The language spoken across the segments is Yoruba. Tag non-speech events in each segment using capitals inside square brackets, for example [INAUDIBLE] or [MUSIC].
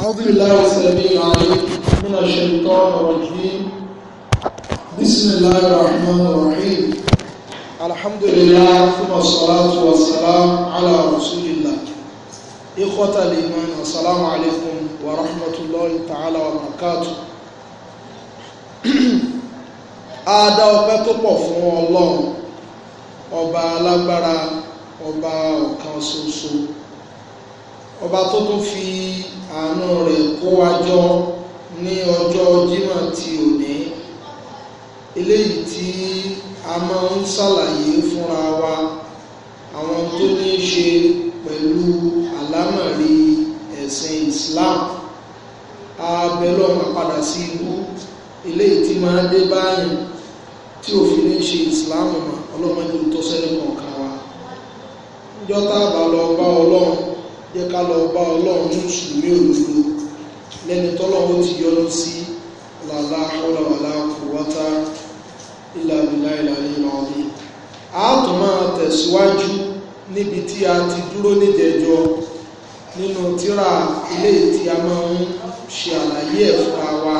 أعوذ بالله السميع العليم من الشيطان الرجيم بسم الله الرحمن الرحيم الحمد لله ثم الصلاة والسلام على رسول الله إخوة الإيمان السلام عليكم ورحمة الله تعالى وبركاته a dá ọpẹ́ tó pọ̀ fún Ọlọ́run ọba alágbára ọba ọ̀kan ṣoṣo ọba tó tún fi àánú rẹ̀ kó wa jọ ní ọjọ́ Jímọ̀ ti òní eléyìí tí a máa ń ṣàlàyé fúnra wa àwọn tó ní í ṣe pẹ̀lú àlámọ̀rí ẹ̀sìn Islam abẹ́lọ́ máa padà sí ibú eléyìí tí máa dé báyìí tí òfin ní ṣe Islam mọ́ ọlọ́mọdé tó sẹ́ni kọ̀ọ̀kan wa jọ́tà bá lọ bá ọlọ́run jẹ́ ká lọ bá ọlọ́run ní mùsùlùmí òdodo lẹ́ni tọ́lọ́run ti yọ́nú sí làlá ọlọ́wàlá kùwátá ìlàbílà ìlàlẹ́ ìrọ̀lẹ́ àátùn máa tẹ̀síwájú níbi tí a ti dúró níjẹjọ nínú tíra ilé tí a máa ń ṣe àlàyé ẹ̀ fúnra wa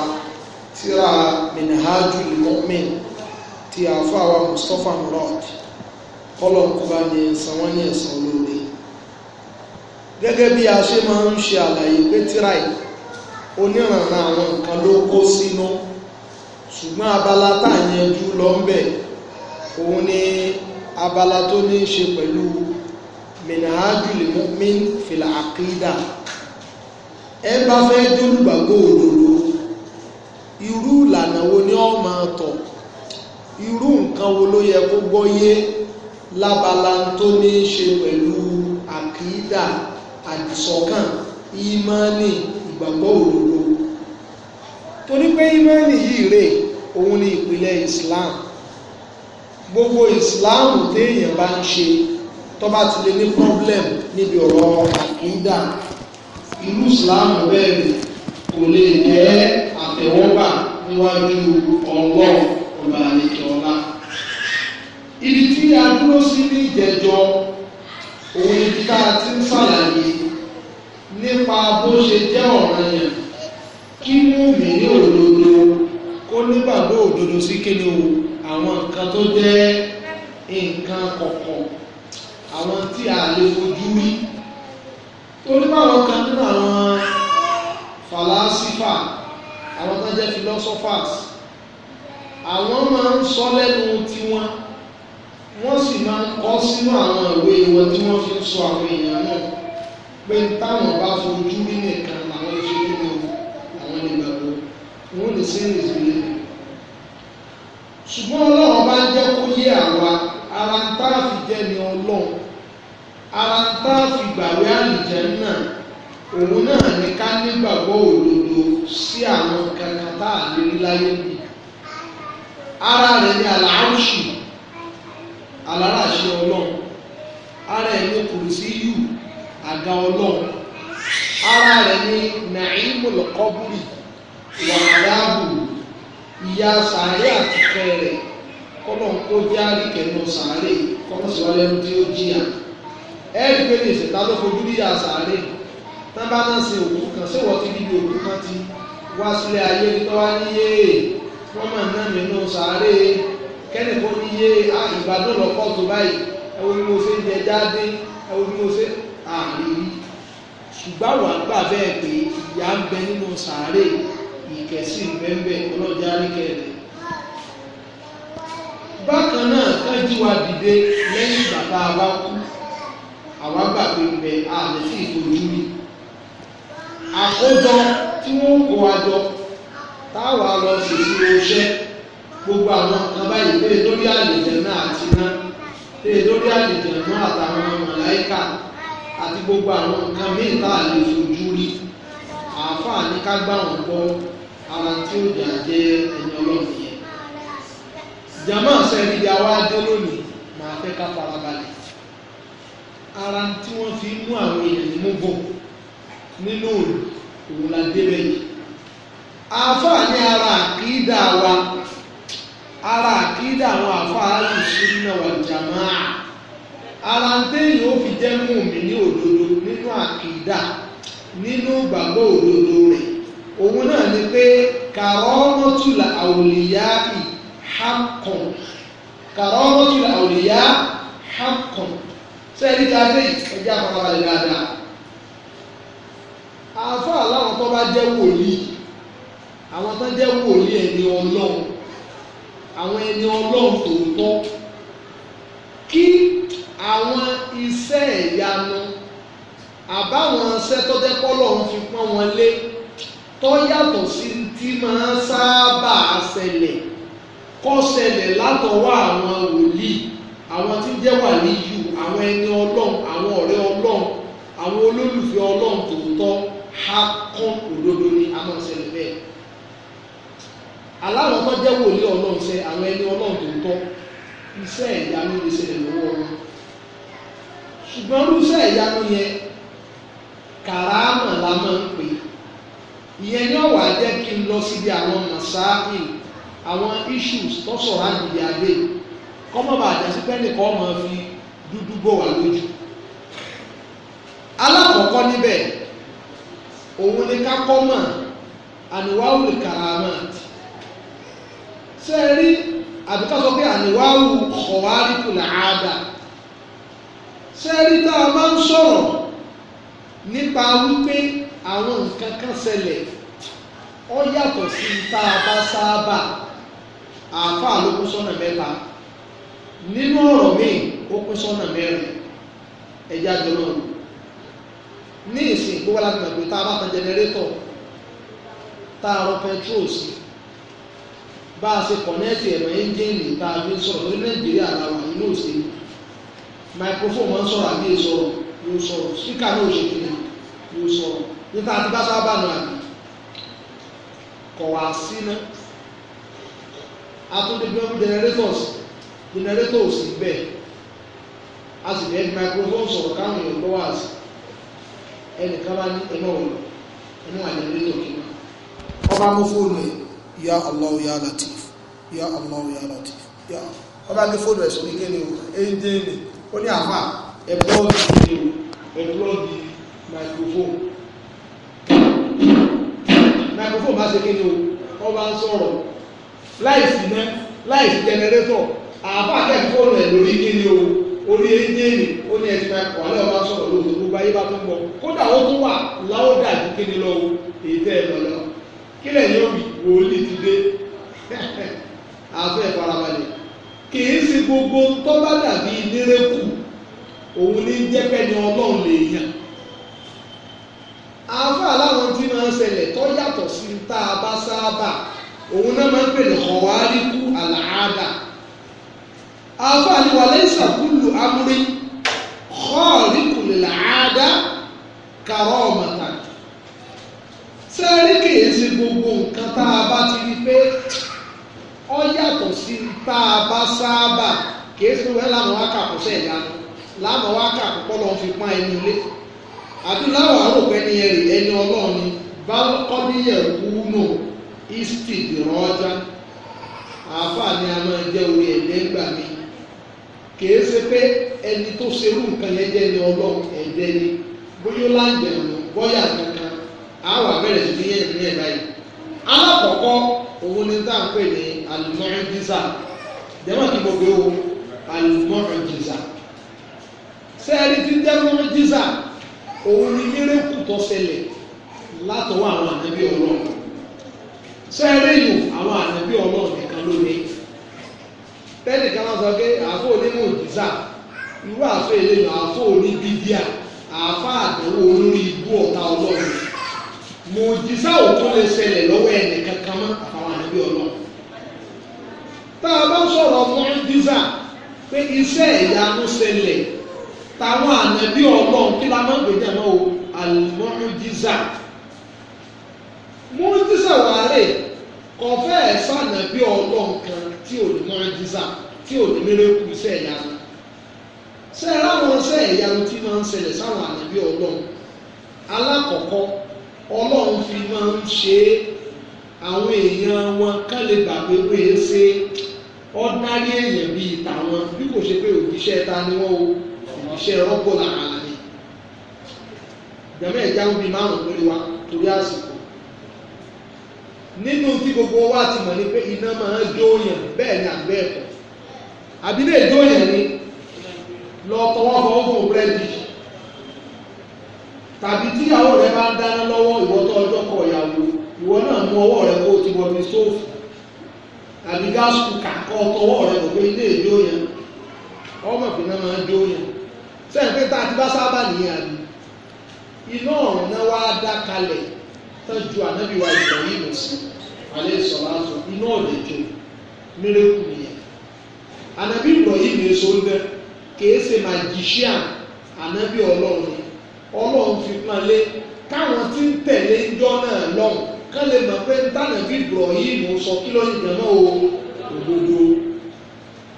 tíra minhajul mu'min tí àfáà wa mustapha murad kọlọ̀ kúbá ní sanwó ní ẹ̀sán olóore gẹ́gẹ́ bí a ṣe máa ń ṣe àlàyé pé tíráì oníranà àwọn nǹkan ló kó sínú ṣùgbọ́n abala tá à ń yanjú lọ ń bẹ̀ òun ni abala tó ní í ṣe pẹ̀lú minahajul mu'min fil aqida ẹ bá fẹ́ dólùgbàgbọ́ òdodo irú ìlànà wo ni ó máa tọ̀ irú nǹkan wo ló yẹ kó gbọ́yé lábala tó ní í ṣe pẹ̀lú àkídà àdìsọ́kàn ìmánì ìgbàgbọ́ òdodo torí pé ìmánì yìí rè òun ni ìpìlẹ̀ Islam gbogbo Islam téèyàn bá ń ṣe tó bá ti lè ní problem níbi ọ̀rọ̀ àkídà irú Islam bẹ́ẹ̀ kò lè jẹ́ àtẹ̀wọ́gbà níwájú ọlọ́ọ̀ ọba àlejò ọlá ibi tí a dúró sí ní ìjẹjọ́ òun ibi tá a ti ń ṣàlàyé nípa bó ṣe jẹ́ ọ̀ràn yẹn kí múmi ní òdodo kó nígbàgbọ́ òdodo sí kíni o àwọn nǹkan tó jẹ́ nǹkan kọ̀ọ̀kan àwọn tí a lè fojú rí torí báwọn kan nínú àwọn fàlásífà àwọn tó jẹ́ philosophers àwọn máa ń sọ lẹ́nu tiwọn wọ́n sì máa ń kọ́ sínú àwọn ìwé wọn tí wọ́n fi ń sọ àwọn èèyàn náà pé táwọn bá fojú rí nìkan làwọn ṣe nínú àwọn ìgbàgbọ́ wọn lè ṣe ìrìnsìlẹ̀ ṣùgbọ́n ọlọ́run bá ń jẹ́ kó yé àwa ara ń tá àfi jẹ́ ni ọlọ́run ara ń tá àfi gbàwé àlùjẹ́ náà òun náà ní ká nígbàgbọ́ òdodo sí àwọn kankan tá a lè rí láyé mi ara rẹ̀ ní àlàáṣì aláràṣẹ ọlọ́run ara ẹ̀ ló kùrù sí yù àga ọlọ́run ara rẹ̀ ní naimul kọ́bùrì wàhálàbù ìyá sàárè àtìkẹ́ rẹ̀ kọ́lọ́n kó jẹ́ àríkẹ́nu sàárè kọ́mọ̀síwájú ẹni tí ó jìyà ẹ̀rí pé lè ṣètà ló fojú níyà sàárè tá bá náà ṣe òkú kan ṣé wọ́n ti níbi òkú kan ti wá sílé ayé ní tọ́wá níyé wọ́n mọ̀ náà nínú kẹ́nì kó ní yé ah, ìgbádùn lọ́pọ̀ tó báyìí ẹwọ bí mo ṣe ń jẹ jáde ẹwọ bí mo ṣe àmì ah, rí ṣùgbọ́n àwọn àgbà bẹ́ẹ̀ pé ìyá ń bẹ nínú sàárè ìkẹ́sì bẹ́ẹ̀ ọlọ́jà ríkẹ̀rẹ̀ bákan náà kájú wa dìde lẹ́yìn bàbá wa kú àwa gbà pé ibẹ̀ àmì sí ìfojú rí àkójọ tí wọ́n ń kó wa jọ táwa lọ sí sí oṣẹ́ gbogbo àwọn nǹkan báyìí lè lórí àlejò náà àti iná lè lórí àlejò náà àtàwọn màláíkà àti gbogbo àwọn nǹkan míì tá a lè fojú rí àáfàá ní ká gbà wọn gbọ́ ara tí ó jà jẹ́ ẹni ọlọ́run yẹn jama sẹ́ni ìyá wa dé lónìí màá fẹ́ ká farabalẹ̀ ara tí wọ́n fi mú àwọn èèyàn mú bọ̀ nínú òun la débẹ̀ yìí àáfàá ní ara àkìdá wa ara àkídà àwọn àfáàlù sunna wal jamaa ara ń téèyàn ó fi jẹ́ mùmí ní òdodo nínú àkídà nínú gbàgbọ́ òdodo rẹ̀ òun náà ni pé kàrọ́mọ́tùlà àwòlíyá ìhákàn kàrọ́mọ́tùlà àwòlíyá ìhákàn sẹ́ẹ̀rí ta dé ẹjẹ́ àpapàlẹ̀ dáadáa àáfàá láwọn tó bá jẹ́ wòlíì àwọn tó jẹ́ wòlíì ẹni ọlọ́run àwọn ẹni ọlọ́run tòótọ́ kí àwọn iṣẹ́ ìyanu àbáwọn iṣẹ́ tó jẹ́ kọ́lọ́run fi pọ́n wọn lé tó yàtọ̀ sí tí máa ń sábà ṣẹlẹ̀ kó ṣẹlẹ̀ látọwọ́ àwọn wòlíì àwọn tí ń jẹ́ wàlíyù àwọn ẹni ọlọ́run àwọn ọ̀rẹ́ ọlọ́run àwọn olólùfẹ́ ọlọ́run tòótọ́ hákọ́ òdodo ni a máa ṣẹlẹ̀ bẹ́ẹ̀ aláwọn tó jẹ́ wòlíì ọlọ́run ṣe àwọn ẹni ọlọ́run tó ń tọ́ iṣẹ́ ìyanu lè ṣẹlẹ̀ lọ́wọ́ wọn ṣùgbọ́n irúṣẹ́ ìyanu yẹn kàràmà la máa ń pè ìyẹn ní ọ̀wà jẹ́ kí n lọ síbi àwọn masáàkì àwọn issues tó sọ̀rọ̀ àdìyẹ adé kọ́mọ̀bà àjàsí pẹ́ẹ́nì kọ́ máa fi dúdú bò wá lójú alákọ̀ọ́kọ́ níbẹ̀ òun ni ká kọ́ mọ̀ àníwáwò kàràmà àti ṣe é rí àbíká sọ pé àníwáwù ọ̀wárìkù làádà ṣe é rí tá a máa ń sọ̀rọ̀ nípa wípé àwọn nǹkan kan ṣẹlẹ̀ ó yàtọ̀ sí tá a bá sábà àáfàá ló kún sọ́nà mẹ́ta nínú ọ̀rọ̀ míì ó kún sọ́nà mẹ́rin ẹ̀yà jọlọ ní ìsìn gbogbo alágbàgbé tá a bá tan jẹnẹrétọ̀ tá a rọ pẹtrol sí i bá a ṣe kọ̀nẹ́ẹ̀tì ẹ̀rọ ẹ́ńjìnì tá a fi sọ̀rọ̀ lórí nàìjíríà làwà inú òṣèlú microphone máa ń sọ̀rọ̀ àbí ìsọ̀rọ̀ yóò sọ̀rọ̀ síkà náà ò ṣe fi hàn yóò sọ̀rọ̀ níta àti bá sábà nù àbí kọ̀ wá sí ná atúndínlẹ́ generators generators bẹ́ẹ̀ a sì bẹ́ẹ̀ microphone sọ̀rọ̀ káwọn èèyàn gbọ́ wá sí ẹnìkan bá ní ya allah ya latif ya allah ya latif ya ọba ní fóònù ẹ̀sùn ní kíni o ẹ̀yìndé ni ó ní àfà ẹ̀bọ́ọ̀dì ni o ẹ̀bọ́ọ̀dì microphone microphone bá ṣe kíni o ọba ń sọ̀rọ̀ láìsí náà láìsí jẹnẹrétọ̀ àfà akẹ́kọ̀ọ́ fóònù ẹ̀ lórí kíni o orí ẹ̀yìndé ni ó ní ẹ̀sìn ẹ̀kọ́ alẹ́ ọba sọ̀rọ̀ lóòótọ́ gbogbo ayé bá tó ń bọ̀ kódà ó tún wà láwọ́dà kíni lọ́wọ́ èyí tẹ́ ẹ̀ lọ́lọ́ kílẹ̀ yóò wí wòlíì ti dé afẹ́ ìfarabalẹ̀ kìí sí gbogbo tọ́ba dàbí nírẹ́kù òun ní jẹ́pẹ́ni ọlọ́run lè yàn afẹ́ aláwọn tí máa ń ṣẹlẹ̀ tó yàtọ̀ sí tá a bá sábà òun náà máa ń pè ní ọ̀wáríkù àlàáda afẹ́ àníwálẹ̀ ìsàkúlù amúrí ọ̀ríkù lè làáda kàrọ́ ọ̀mọ̀tà sẹ́ẹ̀rí kìí gbogbo nǹkan tá a bá ti rí pé ó yàtọ̀ sí tá a bá sábà kìí fún ẹ lánàá wá kà kúṣẹ̀ ìyanu lánàá wá kà kúkọ́ lọ́n fi pọ́n ẹni ilé àbí láwọn àròpọ̀ ẹni ẹ̀rì ẹni ọlọ́run ni bá kọ́bíyẹ̀ wúlò ìsìtì ìrọ́jà àáfàá ni a máa jẹ́ orí ẹ̀dẹ́ gbà mí kìí ṣe pé ẹni tó ṣerú nǹkan yẹn jẹ́ ẹni ọlọ́run ẹ̀dẹ́ ni bóyá láǹjẹ̀ ọ̀nà bọ́yà kankan àwọn àbẹ̀rẹ̀ sí ní ẹ̀mí báyìí. alákọ̀ọ́kọ́ òun ni tá pè ní alimorinjiza jẹ́mọ̀ kí gbogbo o alimorinjiza sẹ́ẹ̀rí tí jẹ́mọ̀rinjiza òun ni mírèkù tó ṣẹlẹ̀ látọwọ́ àwọn ànábì ọlọ́run sẹ́ẹ̀rí yìí àwọn ànábì ọlọ́run nìkan ló sọ pé àfọ onímọ̀ irú àfọ àfọ mòjìsá ò tún lè ṣẹlẹ̀ lọ́wọ́ ẹnì kankan mọ́ àfàwọn àbí ọlọ́run tá a bá sọ̀rọ̀ mọ́jìsá pé iṣẹ́ ìyanu ṣẹlẹ̀ táwọn ànábì ọlọ́run kí la máa ń gbèjà náà o àlùmọ́jìsá mọ́jìsá wàhálẹ̀ kọ̀fẹ́ ẹ̀sán ànábì ọlọ́run kan tí ò ní mọ́jìsá tí ò ní mérekù iṣẹ́ ìyanu ṣe é láwọn iṣẹ́ ìyanu tí máa ń ṣẹlẹ̀ sáwọn ànábì ọlọ́run alákọ̀ọ́kọ́ ọlọ́run fi máa ń ṣe é àwọn èèyàn wọn kán lè gbà pé wọ́n ń ṣe ọ́dárí èèyàn bíi tàwọn bí kò ṣe pé òjíṣẹ́ ta ni wọ́n o òjíṣẹ́ rọ́pò làkàlà ni ìjàmbá ẹ̀já ń bi márùn-ún lórí wa torí àsìkò nínú tí gbogbo wa ti mọ̀ ni pé iná máa ń jó yàn bẹ́ẹ̀ ni àgbẹ̀ ẹ̀kọ́ àbí lè jó yàn ni lọ tọwọ́ fọwọ́ fún búrẹ́dì tàbí tíyàwó rẹ bá ń dáná lọ́wọ́ ìwọ tó ọjọ́ kọ ìyàwó ìwọ náà mú ọwọ́ rẹ kó o ti wọbi sóòfù tàbí gáàsì kúkà kọ́ tọwọ́ rẹ kò pé ilé ìjó yẹn ọmọ ìpínlẹ̀ máa ń jó yẹn sẹ́yìn pé tá a ti bá sábà nìyẹn àbí iná ọ̀run náà wá dá kalẹ̀ tán ju ànábì wa ìgbọ̀nyí lọ sí alẹ́ ìsọ̀rọ̀ àtọ̀ iná ọ̀dẹ̀ jó mírèkù nìyẹn ànábì ìgbọ̀nyí mi èso ń bẹ kèé ṣe màjíṣíà ànábì ọlọ́run fi pọ́n lé káwọn tí ń tẹ̀lé ńjọ́ náà lọ́hùn kán lè mọ̀ pé dáná bí Ibrahim sọ kí ló ń yànnà o òdodo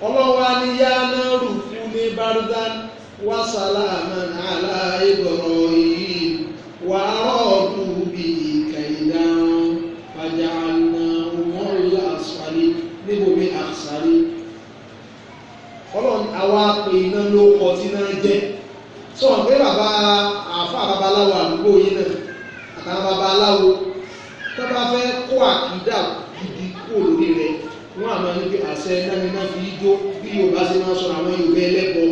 ọlọ́wà ni náà rù fún ní bárúdá wá sàlámà àlá Ibrahim wà á ọ̀dùn bí kàìdá fàjà àná mọ́rin àṣàrí níbo mi àṣàrí ọlọ́run àwa pè iná ló kọ tí náà jẹ́ sọ̀rọ̀ pé bàbá àfa babaláwo àdúgbò yín náà àtàwọn babaláwo tó bá fẹ́ kó àkídà gidi kó lórí rẹ̀ wọ́n àmọ́ ní pé àṣẹ iná ni náà fi í jó bí Yorùbá ṣe máa sọ àwọn Yorùbá ẹlẹ́bọ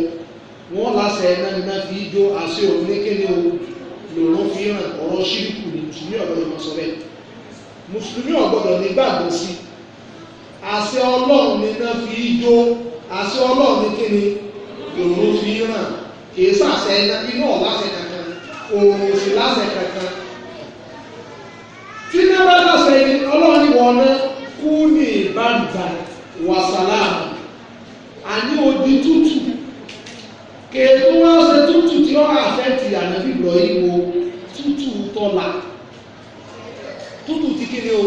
wọ́n láṣẹ iná ni náà fi jó àṣẹ òun ní kéde o lòrán fi hàn ọ̀rọ̀ ṣíríkù ní mùsùlùmí ọ̀gbọ́dọ̀ máa sọ bẹ́ẹ̀ mùsùlùmí ọ̀gbọ́dọ̀ nígbàgbọ́ sí àṣẹ Ọlọ́run ni náà fi í jó àṣẹ Ọlọ́run ní kéde lòrán fi hàn kì í sàṣẹ iná iná ọ̀láṣẹ òòrùn òsì lásẹ̀ kankan tí ní bá lásẹ̀ ni ọlọ́run ìwọ̀n náà kú ní ìbáǹdà wàsálàmù àní odi tútù kèétú wọn ṣe tútù tí wọn àfẹ́tì ànábì lọ ìwò tútù tọ́lá tútù tí kéde o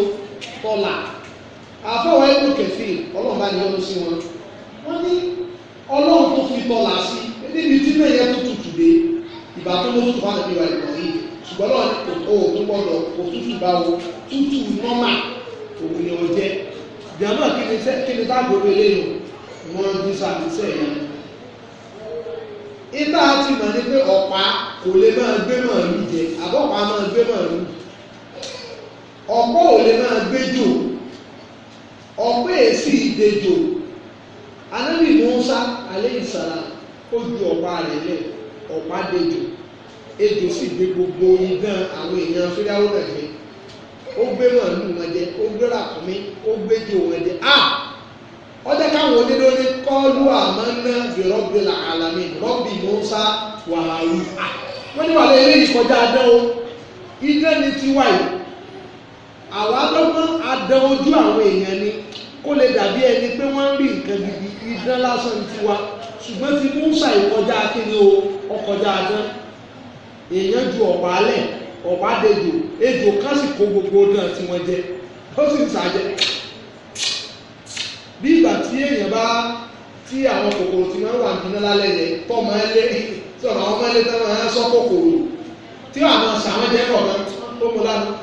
tọ́lá àfọwọ́ ẹ̀kú kẹfì ọlọ́run bá ní ọdún sí wọn wọ́n ní ọlọ́run tó fi tọ́lá sí níbi tí náà yẹ tútù ìgbà tó mú tútù bá nàbí wa ìgbà yìí ṣùgbọ́n náà kò tó o tó gbọ́dọ̀ kò tútù bá o tútù nọ́mà òun ni o jẹ́ jàmbá kí ni táàbù orí eléyìí wọ́n ń dísà níṣẹ́ yẹn. ibà ti mọ̀ ní pé ọ̀pá kò lè máa gbé màálù jẹ àbọ̀pá máa gbé màálù ọ̀pọ̀ ò lè máa gbé jò ọ̀pẹ́ èsì ìdejò anábì Musa aleyhi salam ó ju ọ̀pá rẹ̀ lẹ̀ ọ̀pá dejò ejò sì gbé gbogbo idán àwọn èèyàn fíráwọ́ náà jẹ ó gbé màálù wọn jẹ ó gbé ràkúnmí ó gbé jò wọn jẹ a ọjọ́ káwọn onídóní kọ́lù àmọ́ná fìrọ́bì làálàmì rọ́bì Mùsá wàhálù a wọ́n ní wàhálà eléyìí kọjá adán o idán ni tiwa yìí àwọn adọ́gbọ́n adán ojú àwọn èèyàn ni kó lè dàbí ẹni pé wọ́n ń rí nǹkan gidi idán lásán tiwa ṣùgbọ́n ti Mùsá ìkọjá kí ni o ọkọjá adán èèyàn ju ọ̀pá alẹ̀ ọ̀pá dejò ejò kan sì kó gbogbo náà tí wọ́n jẹ ó sì ń sàjẹ. bí ìgbà tí èèyàn bá tí àwọn kòkòrò tí wọ́n wà nínú lálẹ́ yẹn tọ́ máa ń lé tí ọ̀nà àwọn máa ń lé tọ́ máa ń sọ kòkòrò tí àwọn sàwọn jẹ́ pọ̀ náà tó mú lánàá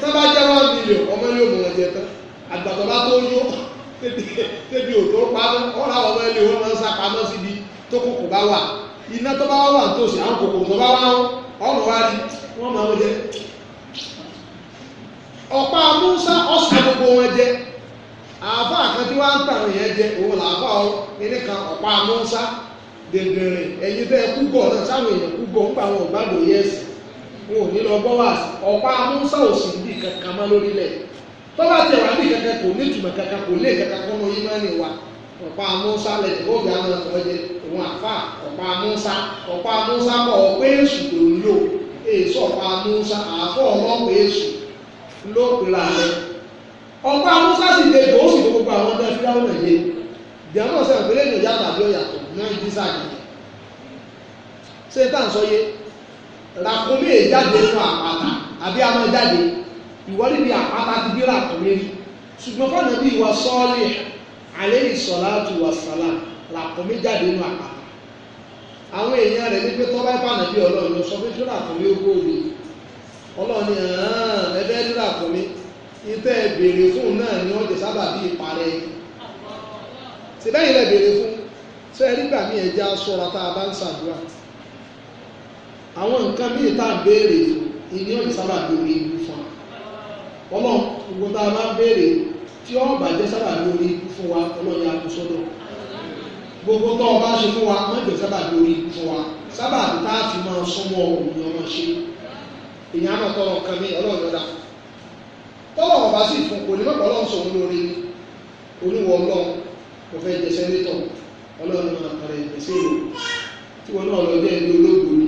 tó bá jẹ́ one million ọmọ ilé òmùwọ̀n ẹ̀jẹ̀ tán àgbàdo bá tó yó tẹ́bi ò tó pamọ́ ọ̀rọ̀ àwọn ọmọ ilé òmùwọ̀n sá pamọ́ síbi tó kòkò bá wà iná tó bá wà tó sì àwọn kòkòrò tó bá wà ọ̀nà wa rí wọ́n máa ń jẹ ọ̀pá musa ọ̀sán gbogbo wọn jẹ àáfà kan tí wọ́n ń tà wọ́n yẹn jẹ òun làáfà ọ kíní kan ọ̀pá musa dèndèrè ẹ̀yin tẹ́ ẹ kú gọ̀ náà sáwọn èèyàn kú gọ̀ nípa àwọn ògbàgbọ́ yẹ́sì wọn ò ní lọ gbọ́ wá sí ọ̀pá musa ò sì ní kankan mọ́ lórílẹ̀ tọ́ba tẹ̀ wá ní kankan kò ní ìtumọ̀ kankan kò lè kankan kọ́ òun àfà ọ̀pá amúnsá ọ̀pá amúnsá kọ̀ ọ̀pá èṣù tó ń lò èso ọ̀pá amúnsá àfọ̀ ọlọ́pàá èṣù ló pera rẹ̀ ọ̀pá amúnsá sì dé tó sì ló gbogbo àwọn ọdẹ fíláwọ̀ náà yé ìdíyàmú ọ̀sẹ̀ ìpínlẹ̀ èdè yàtọ̀ àbí ọ̀yàtọ̀ náà yí sáàyè ṣé tá à ń sọ yé ràkúnmí èjáde fún àpáta àbí àmọ́ jáde ìwọ́lì bíi àpáta ti bí ràkúnmí ṣùgbọ́n fọ́nà bíi ìwà sọ́ọ́lì àlẹ́ ìsọ̀lá àti ìwà sàlámù làkúnmí jáde nínú àpáta àwọn èèyàn rẹ̀ ní pé tọ́ba ìpànà bí ọlọ́run lọ sọ pé tó làkúnmí ó gbòòrò ọlọ́run ni ẹ̀ẹ́dẹ́ ní làkúnmí ìtẹ́ béèrè fún náà ni wọ́n ti sábà bí ìparẹ́ síbẹ̀yìn lẹ béèrè fún sọ ẹ nígbà míì ẹja sọra tá a bá ń ṣàdúrà àwọn nǹkan míì tá a béèrè ìní ọ̀dì sábà bí orí ibu fún wa ọlọ́run gbogbo tá a máa béèrè tí ó bàjẹ́ sábà bí orí ibu fún wa ọlọ́run yà kó sọ́dọ̀ gbogbo tó o bá ṣe fún wa mọ́jọ sábàbí orí fún wa sábàbí tá a fi máa súnmọ́ òun ọmọ ṣe èèyàn náà tọrọ nǹkan mi ọlọ́run yọ̀dá tọ́lọ̀ ọba sì fún kò ní mọ̀pọ̀ ọlọ́run sọ̀rọ̀ lórí oníwọ̀ ọlọ́run kò fẹ́ jẹ sẹ́nítọ̀ ọlọ́run máa pẹ̀rẹ̀ ìgbésẹ̀ rò tí wọn náà lọ́jọ́ ẹni olóògbé ni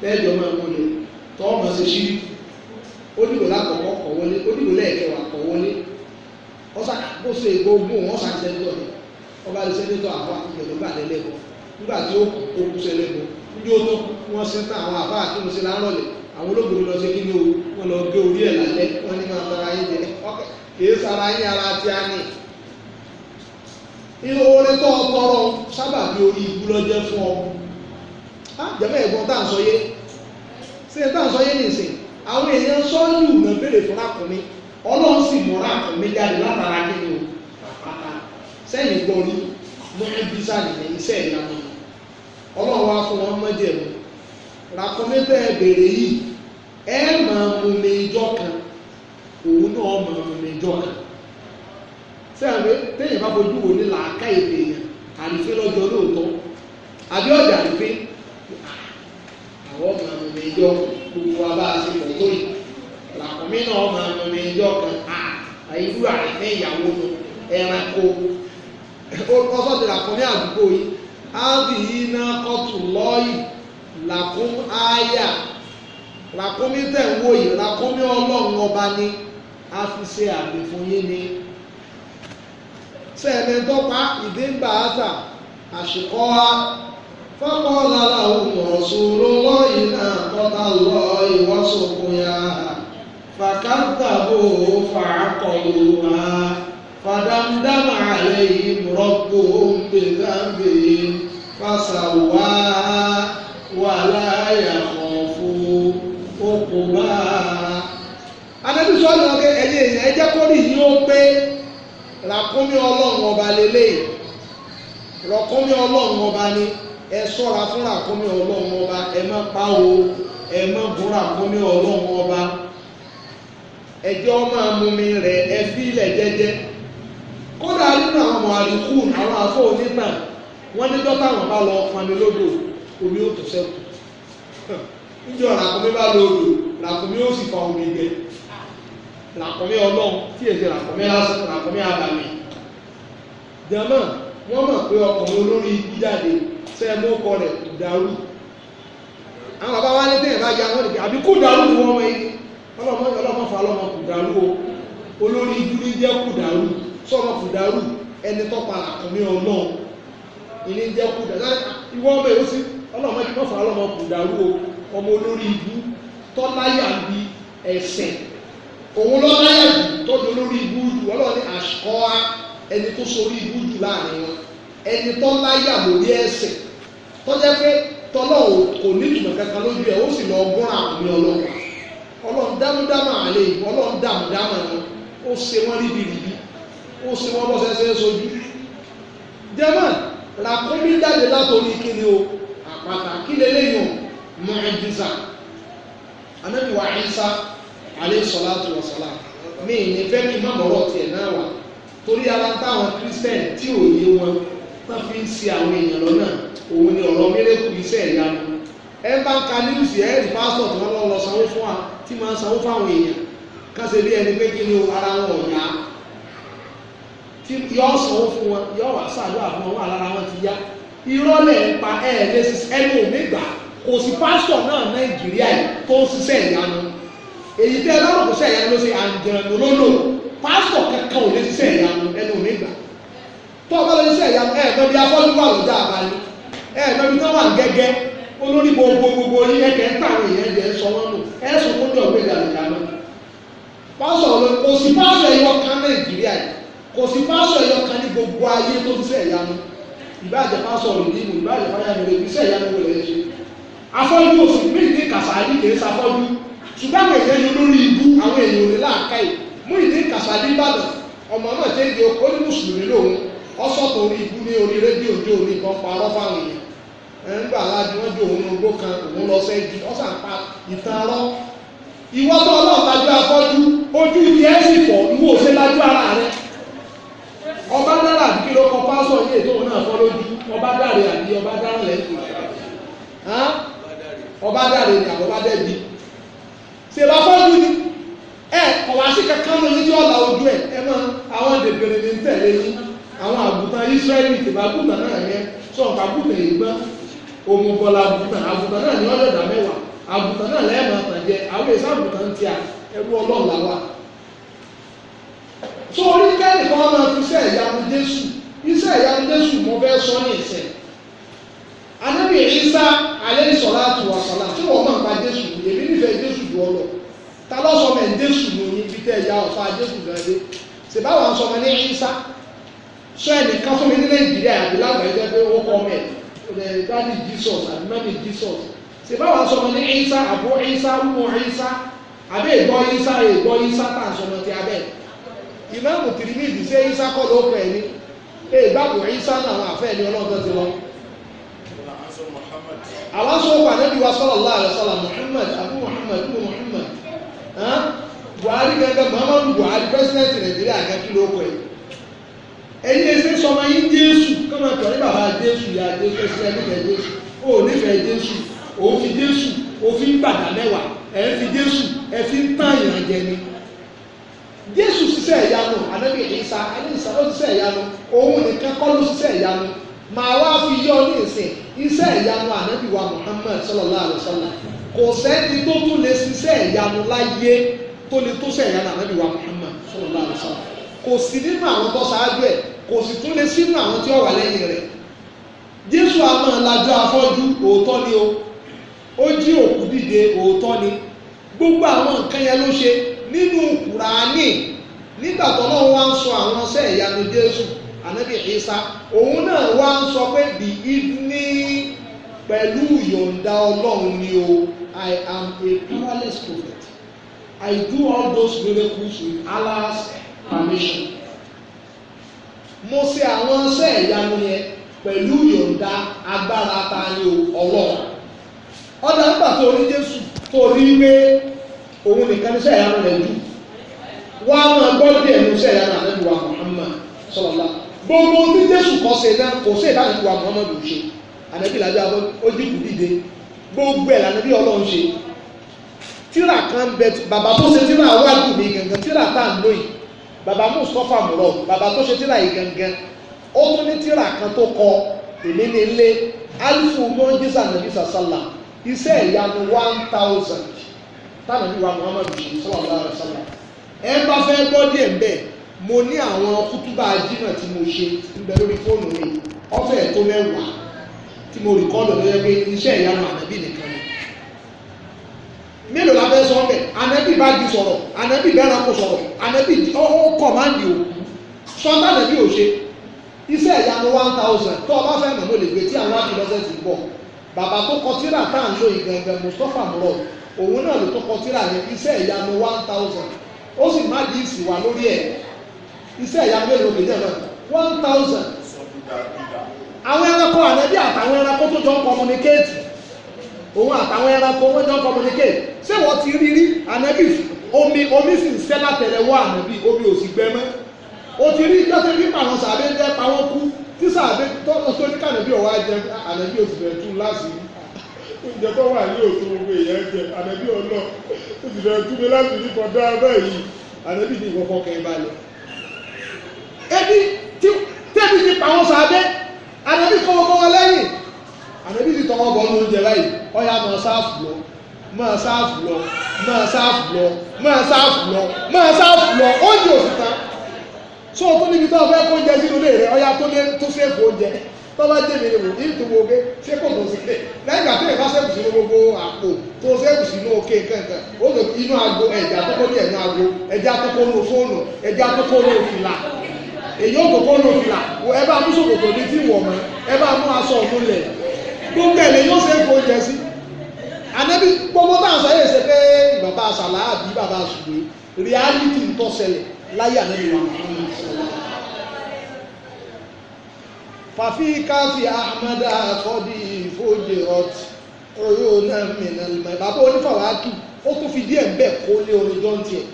tẹ́jọ́ máa mú lẹ̀ tọ́ ọmọ ṣe ṣí oníwò lákọ̀ọ́kọ́ kọ̀ wọlé oníwò lẹ́ẹ̀kẹwà kọ̀ wọlé ọ̀sà bó ṣe gbogbo wọn ṣàtẹ́ńtọ̀ ọba lè sẹ́nẹ́tọ̀ àfa ìyẹ̀ ló bà lẹ́lẹ́bọ̀ nígbà tí ó kú sẹ́lẹ́bọ̀ níbi ó tó wọ́n sí tán àwọn àfa àti ìmúṣẹ́ lárọ̀lẹ̀ àwọn olóògùn lọ sí kíni o wọn lọ gé orí ẹ̀ lálẹ́ wọn ní máa tara yín jẹ kìí sara yín ara ti á ní. ilé orí tó tọrọ sábà bí orí ìbú lọ jẹ fún ọ jẹ́fẹ́ ìbọn tá à ń sọ yé sí ẹ tá à ń sọ yé nìsín àwọn èèyàn sọ́ọ́lù náà béèrè fún rákùnrin ọlọ́run sì mọ̀ rákùnrin jáde látara kíni sẹ́yìn gbọ́ rí mọ́tò bísà nìyẹn iṣẹ́ ìyàmọ̀ ọlọ́run wá fún wọn mọ́jẹ̀ mu ràkọ́mẹ́tẹ̀ bèrè yìí ẹ máa mú mi ijọ́ kan òun náà máa mú mi ijọ́ kan sẹ́yìn pé téèyàn bá fojú wo ní làákà èdè yẹn àlùfẹ́ lọ́jọ́ lóòótọ́ àbí ọ̀dà àlùfẹ́ àwọn máa mú mi ijọ́ gbogbo wa bá a ṣe pọ̀ tó yìí ràkọ́mẹ́ náà máa mú mi ijọ́ kan àìlú àlùfẹ́ ìyàwó ẹranko ọsọ ti ràkúnmí àdúgbò yìí ábì yìí náà kọ́tù lọ́ọ̀yì làkún áyà ràkúnmí tẹ̀ ń wò yìí ọlọ́run ọba ni a fi ṣe àmì fún yín ni sẹ́ẹ̀mẹ́tọ́pá ìdínbà àtà àṣìkọ́ ha fọ́pọ̀ lára òun ọ̀ṣọ́rọ̀ lọ́yìn náà kọ́tà lọ ìwọ́sọ̀kùn yá fàkàtà bò ó fà á kọlu ha. فدمدم عليهم ربهم بذنبهم فسواها ولا يخاف عقباها anabi sọ́ọ́nù ọ̀gẹ́ ẹ̀yẹ èèyàn ẹ jẹ́ kó rí yìí ó pé ràkúnmí ọlọ́run ọba lélẹ̀ ràkúnmí ọlọ́run ọba ni ẹ sọ́ra fún ràkúnmí ọlọ́run ọba ẹ má pa o ẹ má bùn ràkúnmí ọlọ́run ọba ẹjọ́ máa mumi rẹ̀ ẹ fi ilẹ̀ jẹ́jẹ́ kódà nínú àwọn ọmọ àlùkù àwọn afọ onígbà wọn ní dọ́tà wọn bá lọ fani lódò omi ó tó sẹ́kù [LAUGHS] níjọ làkúnmí bá lọ odò làkúnmí ó sì fa omi gbẹ làkúnmí ọlọ́run tí èsì làkúnmí lásán làkúnmí àdàmì jama wọn mọ̀ pé ọkùnrin olórí jíjáde sẹ́ẹ̀mú ọkọ rẹ̀ kò dàrú àwọn bàbá wa ní bá ya wọn nìkan àbí kò dàrú ni wọ́n mọ̀ yìí ọlọ́mọ ọlọ́mọ fa ọlọ́mọ kò dàrú o olórí ìdúró jẹ́ kò dàrú sọmọ fùdárù ẹni tó padà kàn mí ọlọ́run ìní jẹ́ kùdà ìwọ ọmọ èyí ó sì ọlọ́mọ ìdí mọ́fà ọlọ́mọ kùdárù o ọmọ olórí ìlú tọ́láyà bí ẹ̀sẹ̀ òun lọ́láyà jù tọ́jú olórí ìlú jù ọlọ́ni àṣọá ẹni tó sorí ìlú jù láàrin wọn ẹni tọ́láyà lórí ẹ̀sẹ̀ tọ́jẹ́ pé tọ́lọ̀ kò ní ìtumọ̀ kankan lójú ẹ̀ ó sì lọ gún àkùnrin ọlọ́run ọlọ́run dámúdámà àlè ọlọ́run dámúdámà ni ó ṣe wọ́n rí bìrì ó sì wọ́n lọ́sẹ̀ẹ́sẹ̀ sojú german ràkúnmí jáde látòrí kíni o àpáta kí lélẹ́yìn mọ̀ẹ́dìsà anábì wa Ìsá alayhi salatu wa salam mi ní fẹ́ kí má mọ̀rọ̀ tiẹ̀ náà wà torí ara táwọn christian tí ò yé wọn tán fi ń ṣe àwọn èèyàn lọ́nà òun ni ọ̀rọ̀ mérekù iṣẹ́ ìyanu ẹ bá ń ka níwùsì ẹ rí pásítọ̀ tí wọ́n lọ sanwó fún wa tí máa ń sanwó fáwọn èèyàn ká ṣe bí ẹni pé kí ni o ara wọn ò yá tí yọ sanwó fún wọn yọ wà sàdúrà fún wọn wà lára wọn ti yá ìrọ̀lẹ́ ń pa ẹ̀ lè ṣiṣẹ́ ẹnu òmìgbà kò sí pásítọ̀ náà nàìjíríà yìí tó ń ṣiṣẹ́ ìyanu èyí tẹ́ lọ́rọ̀ kò ṣe ìyanu ló ṣe àǹjẹ̀rẹ̀ lólò pásítọ̀ kankan ò lè ṣiṣẹ́ ìyanu ẹnu òmìgbà tó o bá lè ṣiṣẹ́ ìyanu ẹ̀ lọ́bi afọ́lùwà lọ́jà àbálẹ̀ ẹ̀ lọ́bi náà wà gẹ́gẹ́ olórí gbogbo gbogbo yìí ẹ̀kẹ́ ń tàwọn èèyàn jẹ́ sọ wọn nù ẹ̀sùn kó jọ gbé kò sí pásọ ẹ̀yọ kan ní gbogbo ayé tó ń sẹ̀ ìyanu ìbáàjẹ́ pásọ rìdíìmù ìbáàjẹ́ fáyàmù rẹ̀ ìbísẹ̀ ìyanu rẹ̀ ẹ̀ ṣe afọ́jú òsì mílíkì kàṣàlì kìí ṣafọ́jú ṣùgbọ́n àwọn èèyàn ni lórí ibú àwọn èèyàn ò ní láàká yìí mílíkì kàṣàlì ìbàdàn ọmọ náà ṣe é di ó ní mùsùlùmí lòun ọsọ̀tò orí ibú ní orí rédíò dé orí kan parọ́ fáwọn èèyàn ẹ̀ ń gbà láti wọ́n dé òun ogbó kan òun lọ sẹ́ẹ̀dì ọ̀sán pa ìtàn rọ́ ìwọ́tọ̀ ọlọ́ọ̀tajú afọ́jú ojú ìdí ẹ̀ ọba dára kí ló kọ pásọ yìí ètò náà fọ́ lójú ọba dáre àbí ọba dáre lẹ́yìn ọba ni ẹ ọ̀wá sí kankan tí ọ̀là ojú ẹ ẹ mọ àwọn dèbèrè ní tẹ̀lé yín àwọn àgùntàn tìbà náà sọ yìí òmù àgùntàn náà ọ̀dọ̀dà mẹ́wàá àgùntàn náà àtàjẹ àwọn èso àgùntàn ti à ọlọ́ọ̀lá wa so orí kẹ́nìkan máa fi iṣẹ́ ìyanu Jésù iṣẹ́ ìyanu Jésù mo fẹ́ sọ ní ìsẹ̀ anábì Ìsá alẹ́ ìsọ̀rọ̀ àti wàsálà tí wọ́n máa ń pa Jésù èmi nífẹ̀ẹ́ Jésù jù ọ lọ ta lọ́ sọ mẹ́ Jésù lóyún bí tẹ́ ẹ̀yà ọ̀fà Jésù lọ́dẹ ṣèbáwá sọ mọ́ ní Ìsá sọ ẹnìkan fún mi ní Nàìjíríà àbí lágbàáyé jẹ́ pé ó kọ́ mẹ́ẹ̀ daddy jesus and mommy jesus ṣe báwa sọmọ ní ẹyíṣà àbú ẹyíṣà mú ẹyíṣà abẹ́ ìgbọ́ ẹyíṣà ìgbọ́ ẹyíṣà tá à ń sọmọ ti abẹ́ ìmáàmù tìrìmìdì ṣé isa kọ́ ló pẹ̀ ní ee báwo isa náà àfẹ́ ni ọlọ́dọ̀ ti lọ. àwọn sọ wà níbi wa sallallahu alaihi wasallam muhammad abu muhammad abu muhammad buhari gẹ́gẹ́ muhammadu buhari pẹ́sidẹ́ntì nàìjíríà gẹ́gẹ́ ló pẹ̀ ẹ̀yin ẹsẹ̀ sọmọ yín jésù kọ́mọ tọ̀ ní bàbá jésù ya jésù ẹsẹ̀ nífẹ̀ẹ́ jésù ó nífẹ̀ẹ́ jésù òun fi jésù òun fi ń gbàdá mẹ́wàá ẹ̀ fi jésù ẹ̀ fi ń tàn ìrànjẹ ni. jésù ṣiṣẹ́ ẹ̀yà nù ànábì ìṣá ẹni ìṣá ó ṣiṣẹ́ ẹ̀yà nù òun nìkan kọ́ ló fi ní ìsìn iṣẹ́ ẹ̀yà wa Muhammad sallallahu alaihi kò sẹ́ni tó tún lè ṣiṣẹ́ ẹ̀yà nù láyé tó lè tó wa Muhammad sallallahu alaihi kò sí nínú àwọn tó ṣáájú ẹ̀ kò sì tún si sínú àwọn tí o ó jí nínú kùránì nígbà tó náà wá ń sọ àwọn ọsẹ ìyanu jésù ànábì ìsá òun náà wá ń sọ pé the evening pẹ̀lú ìyọ̀ǹda ọlọ́run ni o i am a powerless prophet i do all those miracles with Allah's permission mo ṣe àwọn ọsẹ ìyanu yẹn pẹ̀lú ìyọ̀ǹda agbára ta ni o ọlọ́run ọ̀dà nígbà tó rí jésù tó rí pé òun nìkan ní sẹ́yà rẹ̀ jù wọ́n á máa gbọ́ bí ẹ̀mú sẹ́yà náà lẹ́nu wa Muhammad sọlọ́lá gbogbo tí Jésù kọ́ ṣe náà kò sí ìdánilẹ́nu wa Muhammad ò ṣe ànábì làbí àwọn ojúbù dìde gbogbo ẹ̀ lànàbí Ọlọ́run ṣe tíra kan bẹ bàbá tó ṣe tíra wà dùn mí gangan tíra tá à ń lóyìn bàbá Mustapha mùrọ̀ bàbá tó ṣe tíra yìí gangan ó tún ní tíra kan tó kọ èmi ní ilé alifu mọ́jísà nàbí sàsálà iṣẹ́ ìyanu one thousand tánà bí wa muhammadu sallallahu alaihi wasallam ẹ bá fẹ́ gbọ́ díẹ̀ bẹ́ẹ̀ mo ní àwọn kútúbà jìnnà tí mo ṣe ń bẹ lórí fóònù mi ọ̀fẹ́ tó mẹ́wàá tí mo rìkọ́dù tó yẹ pé iṣẹ́ ìyanu ànábì nìkan ni mélòó la fẹ́ sọ ọ́nbẹ̀ ànábì bá di sọ̀rọ̀ ànábì bẹ́ẹ̀rẹ̀ kò sọ̀rọ̀ ànábì ó kọ̀ máa ń di òkú sọ́ńdà ànábì ò ṣe iṣẹ́ ìyanu one thousand tó o bá fẹ́ mọ̀ mo lè gbé tí àwọn àti lọ́sẹ̀ ti bọ̀ bàbá tó kọ síra tá à ń lò yìí gangan Mustapha murad òun náà ló tó kọ tírà yẹn iṣẹ́ ìyanu one thousand ó sì má di ìsì wà lórí ẹ̀ iṣẹ́ ìyanu èlò kejì ẹ̀ náà one thousand. àwọn ẹranko ànábì àtàwọn ẹranko tó jọ ń communicate òun àtàwọn ẹranko wọ́n jọ ń communicate ṣé wọ́n ti rí rí ànábì omi omi sì ń sẹ́ látẹ̀lẹ́wọ́ ànábì omi ò sì gbẹ mọ́ o ti rí jọ́sẹ̀ bí màrún sàbẹ̀ ń dẹ́ pa wọ́n kú tí sàbẹ̀ tó ń sọ ní kànábì ọ̀wá jẹ ànábì ò sì fẹ́ tú láti oúnjẹ tó wà ní òtún gbogbo èèyàn jẹ àdẹ́bí ọlọ́ ó ti fẹ́ túnbí láti ní kọjá báyìí àdẹ́bí ní ìwọ́pọ̀ kẹ́ balẹ̀. ebi tí tẹ́bi ti pa àwọn sàbẹ́ àdẹ́bí kọ́ ọkọ wọn lẹ́yìn àdẹ́bí ti tọwọ́ bọ́ ní oúnjẹ báyìí ọ̀yà máa sáàfù lọ máa sáàfù lọ máa sáàfù lọ máa sáàfù lọ máa sáàfù lọ oúnjẹ òsì tán tó níbi tó fẹ́ kó oúnjẹ sínú ilé ọ̀yà tó ṣe é fò oúnjẹ tọ́lá jèmi ni mò ní ìdúgbò gé ṣé kò tó sí pé lẹ́yìn ìgbà tó yẹ bá sẹ́kù sínú gbogbo àpò tó sẹ́kù sínú òkè kankan ó lè inú agbo ẹ̀já tó kó ní ẹ̀nu agbo ẹ̀já tó kó ní fóònù ẹ̀já tó kó ní òfìlà èyí ò kókó ní òfìlà ẹ bá mú sòkòtò ní tí wọ̀ mọ́ ẹ bá mú aṣọ òmùlẹ̀ gbogbo ẹ̀ lè yóò sẹ́kù oúnjẹ sí anabi gbogbo bá a sọ yẹ ṣe pé bàbá àṣàlá àbí bàbá àṣùgbé reality fàfíkà fi ahmadu àkọ́dí ìfọ́jì ọtí oyún náà mìíràn lẹ́mọ̀ bàbá onífàwákì ó tún fi díẹ̀ bẹ́ẹ̀ kó lé orin jọ́ ń tiẹ̀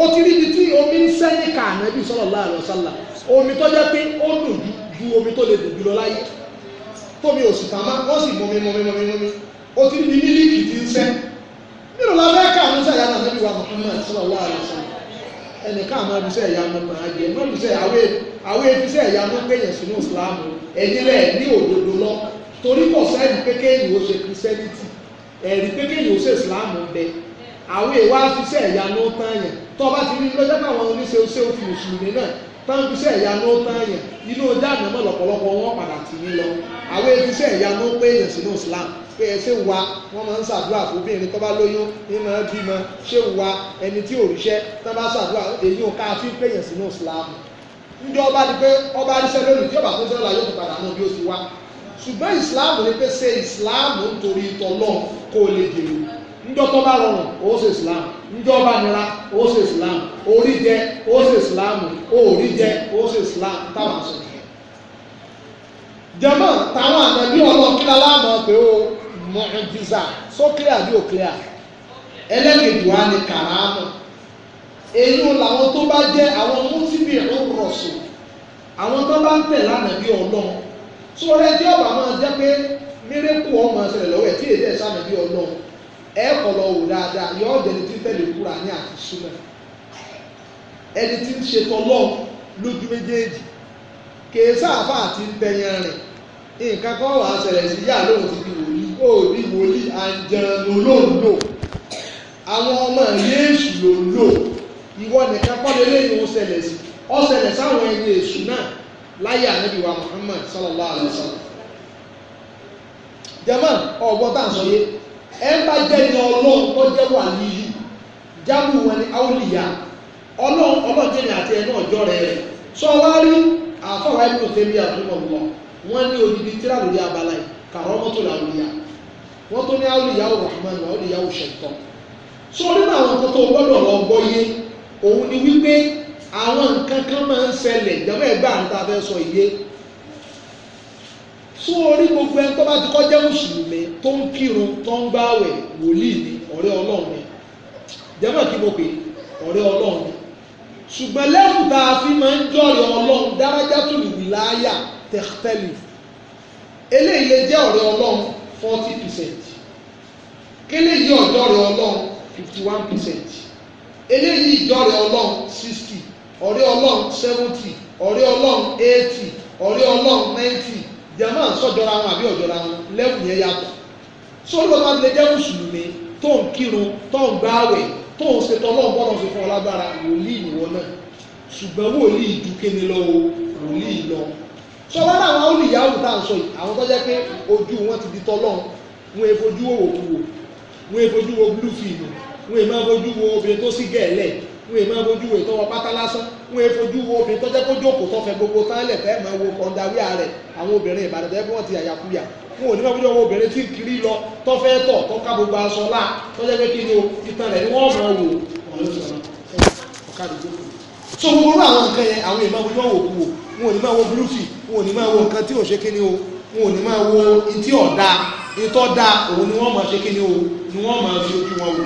ó ti rí ibi tí omi ń sẹ́yìn ká ànábì sallallahu alaihi wasallam omi tó jẹ́ pé ó dùn ju omi tó lè dùn jù lọ láyé tómi òsì tàmá wọ́n sì mọ̀mí mọ̀mí mọ̀mí mọ̀mí ó ti rí ibi mílíkì ti ń sẹ́ nílò la fẹ́ ká àmúṣàyà ànábì wa Muhammad sallallahu alaihi wasallam ẹnìkan àmọ́ ibiṣẹ́ ìyá mọ́ máa jẹ mọ́ ibiṣẹ́ àwé àwé ibiṣẹ́ ìyá mọ́ gbẹ̀yẹ̀ sínú ìsìláàmù ẹ̀yin lẹ̀ ní òdodo lọ torí pọ̀ sẹ́ẹ̀dì pékè yìí ó ṣe kìrìsẹ́nìtì ẹ̀rí pékè yìí ó ṣe ìsìláàmù bẹ àwé wa ibiṣẹ́ ìyá ló tán yẹn tó o bá ti rí lọ́jọ́ káwọn oníṣẹ́ oṣẹ́ òfin mùsùlùmí náà tán ibiṣẹ́ ìyá ló tán yẹn inú ojú àná mọ́ lọ́pọ̀lọpọ̀ wọn padà tì mí lọ àwé ibiṣẹ́ ìyá ló pé sínú ìsìláàmù pé ẹ ṣé wa wọ́n máa ń ṣàdúrà fóbìnrin tó bá lóyún ní máa bímọ ṣé wa ẹni tí òrìṣẹ́ tó bá ṣàdúrà èyí ò ká fi péyàn sínú ìsìlámù njẹ́ ọba di pé ọba aríṣẹ́ lónìí tí ọba tó sẹ́lá yóò padà mọ́ bí ó ti wá ṣùgbọ́n ìsìlámù ni pé ṣe ìsìlámù nítorí ìtọ́lọ́ kó o lè dèrò njẹ́ tó bá rọrùn ó ṣe ìsìlámù njẹ́ ọba nira ó ṣe ìsìlámù orí jẹ ó ṣe ìsìlámù orí jẹ ó ṣe ìsìlámù táwọn àṣọ jẹmọ táwọn ànábí ọlọ́run kí pé ó mọ̀ọ́dísà so clear bí o clear ẹlẹ́gẹ̀dì wa ni kàràmù èyí làwọn tó bá jẹ́ àwọn mútìbí ọ̀rọ̀sùn àwọn tó bá ń tẹ̀ lánàá bí ọlọ́run sórí ẹjẹ́ ọ̀bà máa jẹ́ pé mírẹ́kù ọmọ ṣẹlẹ̀ lọ́wọ́ ẹ̀ tí èdè sànà bí ọlọ́run ẹ kọ̀ lọ wò dáadáa yọ ọ̀dẹ̀ni tí ń tẹ̀lé kúra ní àti súnmọ́ ẹni tí ń ṣe tọ́lọ́ lójú méjèèjì kèé sáàfà àti ń tẹ̀yàn rìn nǹkan kan wà á ṣẹlẹ̀ sí yá lóhùn ti di wòlíì kò ní wòlíì àjẹnu ló ń lò àwọn ọmọ yéésù ló ń lò ìwọ nìkan kọ́lé lẹ́yìn ọ̀sẹ̀lẹ̀ sí ọ̀sẹ̀lẹ̀ sáwọn ẹni èṣù náà láyé ànábì wa Muhammad sallallahu alayhi wa sallam jẹ́mọ́ tá sọ yé ẹ bá jẹ́ ní ọlọ́run tó jẹ́ wà níyì jábù wọn ni áwùlìyà ọlọ́run ọlọ́jẹ́ ni àti ọjọ́ rẹ̀ rẹ̀ sọ wá rí àfọwọ́ tẹ́lẹ̀ àdúgbò wọn kàrọ́mọ́tò làwùyá wọ́n tó ní àwùyáwò rahman wà àwùyáwò ṣẹ̀tọ́ so nínú àwọn nǹkan tó gbọ́dọ̀ lọ gbọ́ yé òun ni wípé àwọn nǹkan kan máa ń ṣẹlẹ̀ ìjọba ẹgbẹ́ àwọn tá a fẹ́ sọ ìyé so orí gbogbo ẹni tó bá ti kọjá mùsùlùmí tó ń kírun tó ń gbààwẹ̀ wòlíì ni ọ̀rẹ́ ọlọ́run ni jẹ́mọ̀ kí mo pè ọ̀rẹ́ ọlọ́run ni ṣùgbọ́n lẹ́rù tá a fi máa ń jọ̀rẹ̀ ọlọ́run dárájà tó lù wí láyà tẹ̀tẹ̀lì eléyìí lè jẹ́ ọ̀rẹ́ ọlọ́run forty percent kéléyìí ọ̀dọ́ ọ̀rẹ́ ọlọ́run fifty one percent eléyìí ìjọ́rẹ́ ọlọ́run sixty ọ̀rẹ́ ọlọ́run seventy ọ̀rẹ́ ọlọ́run eighty ọ̀rẹ́ ọlọ́run ninety jẹ̀mọ́ sọ̀jọ́ra wọn àbí ọ̀jọ́ra wọn lẹ́wù yẹn yàtọ̀ sọ́dọ̀ bá lè jẹ́ mùsùlùmí tó ń kírun tó ń gbáwẹ̀ tó ń ṣètò ọlọ́run bọ́dọ̀ sí fún ọ lágbára wòlíì ìwọ náà ṣùgbọ́n wòlíì dúkẹ́ni lọ́wọ́ wòlíì lọ́wọ́ sọ wọn náà àwọn olùyàwó tá à ń sọ yìí àwọn tó jẹ́ pé ojú wọn ti di tọlọ́run wọn è fojú wo òkúwo wọn è fojú wo bluefield wọn è máa fojú wo obìnrin tó sì gẹ̀ẹ́lẹ̀ wọn è máa fojú wo ìtọ́wọ́ pátá lásán wọn è fojú wo obìnrin tó jẹ́ kó jókòó tó fẹ́ gbogbo tánlẹ̀ fẹ́ máa wo kọ̀ǹdàwíà rẹ̀ àwọn obìnrin Ìbàdàn tẹ́ bí wọ́n ti àyàkúyà wọn ò ní máa fojú wo obìnrin tí kiri lọ tó tọ̀ tó ká gbogbo aṣọ lá tó jẹ́ pé kí o ìtàn rẹ̀ ni wọ́n máa wò ọ̀kadì gbogbo so gbogbo àwọn nǹkan yẹn àwọn èèyàn máa fojú wọn wò wọn ò ní máa wo nǹkan tí ò ṣe kí ni o wọn ò ní máa wo ìtí ọ̀dà ìtọ́ da òun ni wọ́n máa ṣe kí ni o ni wọ́n máa fi ojú wọn wò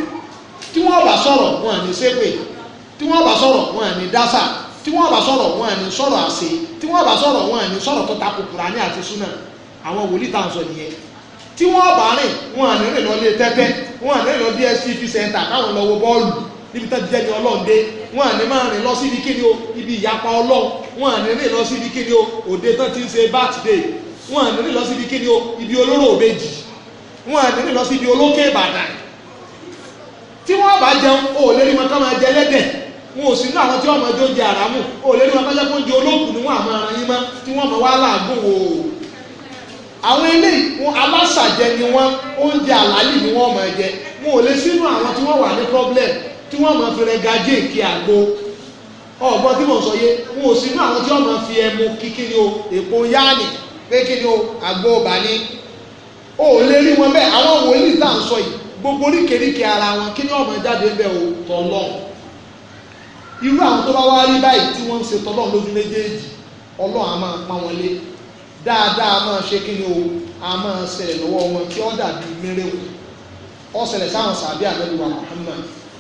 tí wọ́n bá sọ̀rọ̀ wọn à ní ṣépè tí wọ́n bá sọ̀rọ̀ wọn à ní dásà tí wọ́n bá sọ̀rọ̀ wọn à ní sọ̀rọ̀ àṣẹ tí wọ́n bá sọ̀rọ̀ wọn à ní sọ̀rọ̀ tó ta Kùránì àti súnà àwọn wòlíì tá à ń sọ nìyẹn tí wọ́n bá rìn wọn à ní rìn lọ níbi tó jẹ́ ní ọlọ́run dé wọ́n àní máa rìn lọ síbi kíni o ibi ìyapa ọlọ́run wọ́n àní rìn lọ síbi kíni o òde tán ti ń ṣe birthday wọ́n àní rìn lọ síbi kíni o ibi olóró òbejì wọ́n àní rìn lọ síbi olókè ìbàdàn tí wọ́n bá jẹun ò lérí wọn ká máa jẹ lẹ́dẹ̀ wọn ò sí ní àwọn tí wọ́n máa jó oúnjẹ àràmù ò lérí wọn ká jẹ́ oúnjẹ olókùn ni wọ́n àmọ́ ara yín mọ́ tí wọ́n máa wá láàgùn o àwọn eléyìí wọn alásàjẹ ni wọn oúnjẹ àlálì ni wọ́n máa jẹ wọn ò lè sínú àwọn tí wọ́n wà ní problem tí wọ́n máa fi rẹ̀gájì kí àgbo ọ̀gbọ́n tí mò ń sọ yé wọn ò sí inú àwọn tí wọ́n máa fi ẹmu kíkí ni o èpo yáàni pé kí ni o àgbo ọba ni o ò lè rí wọn bẹ́ẹ̀ àwọn wòlíì tá à ń gbogbo oríkèéríkèé ara wọn kí ni ọmọ jáde o tọ̀lọ̀ irú àwọn tó bá wá rí báyìí tí wọ́n ń ṣe lójú méjèèjì ọlọ́run máa pa wọn lé dáadáa máa ṣe kí ni o a máa ṣẹlẹ̀ lọ́wọ́ wọn kí ó dàbí mérèwò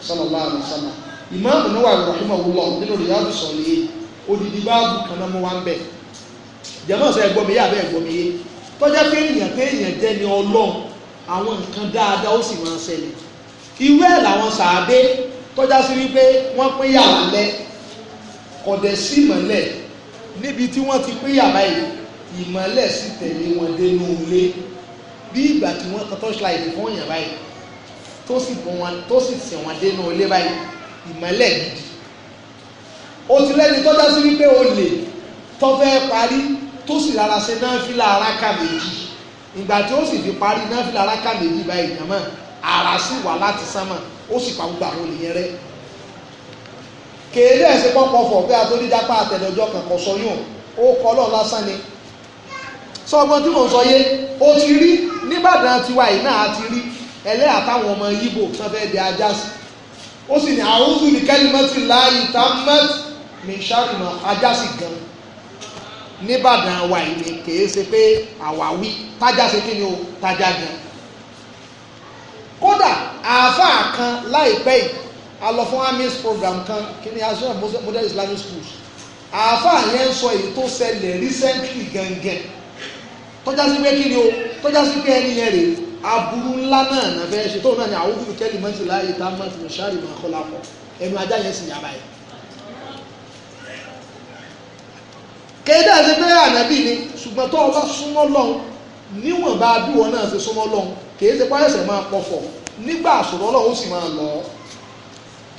sallallahu alaihi wasallam ìmáàmù náà wà rahimahullah nínú Riyadus Salihin odidi báàbù kan náà mo wá ń bẹ̀ jẹ́mọ́ sọ ẹ̀gbọ́n mi yé àbẹ́ ẹ̀gbọ́n mi yé tọ́jà pé èèyàn pé èèyàn jẹ́ ni ọlọ́run àwọn nǹkan dáadáa ó sì máa ṣẹlẹ̀ irú ẹ̀ làwọn sàábé tọ́já sí wípé wọ́n pín yàrá lẹ kọ̀dẹ̀ sí ìmọ̀lẹ̀ níbi tí wọ́n ti pín yàrá yìí ìmọ̀lẹ̀ sì tẹ̀lé wọn dénú ilé bí ìgbà tí wọ́n kan torchlight fún yàrá yìí tó sì bọ́ wọn tó sì sìn wọn dénú ilé báyìí ìmọ́lẹ̀ gidi ó ti lẹ́ni tó dá sí wípé o lè tó fẹ́ parí tó sì rárá ṣe náfìlà aráka méjì ìgbà tí ó sì fi parí náfìlà aráka méjì báyìí jàmọ́ ara sì wà láti sánmà ó sì pa gbogbo àwọn olèyẹn rẹ kéde ẹsẹ pọpọ fọ pé àtòlídàpá àtẹnudọ kankan sọ yóò ó kọ lọ lásán ni sọgbọn tí mò ń sọ yé o ti rí nìbàdàn tiwa yìí náà a ti rí ẹlẹ́yà táwọn ọmọ yíbò tán fẹ́ di ajá sí ó sì ní àwùjọ ní kẹ́límẹ́tì láàyè támẹ́t ní sàrìmọ̀ ajá sí gan nìbàdàn wà ní kèé ṣe pé àwáwí tájá ṣe kí ni o tájá gan kódà àáfàá kan láìpẹ́ yìí a lọ fún amis program kan kí ni asúnà modern islamic schools àáfàá yẹn ń sọ èyí tó ṣẹlẹ̀ recently gangan tọ́já sí pé kí ni o tọ́já sí pé ẹni yẹn rè aburú ńlá náà nà fẹ́ ṣe tóun náà ni àwọn òbí kẹ́lì mọ́tì láàyè tá a mọ́tì ní sáré máa kọ́ lápọ̀ ẹnu ajá yẹn sì yàrá yẹn. kéde àti pé ànábì ni ṣùgbọ́n tó o bá súnmọ́ lọ́hùn níwọ̀n bá náà ṣe súnmọ́ lọ́hùn kèé ṣe pàṣẹ máa pọ̀fọ̀ nígbà àṣùrọ̀ lọ́hùn ó sì máa lọ́ọ́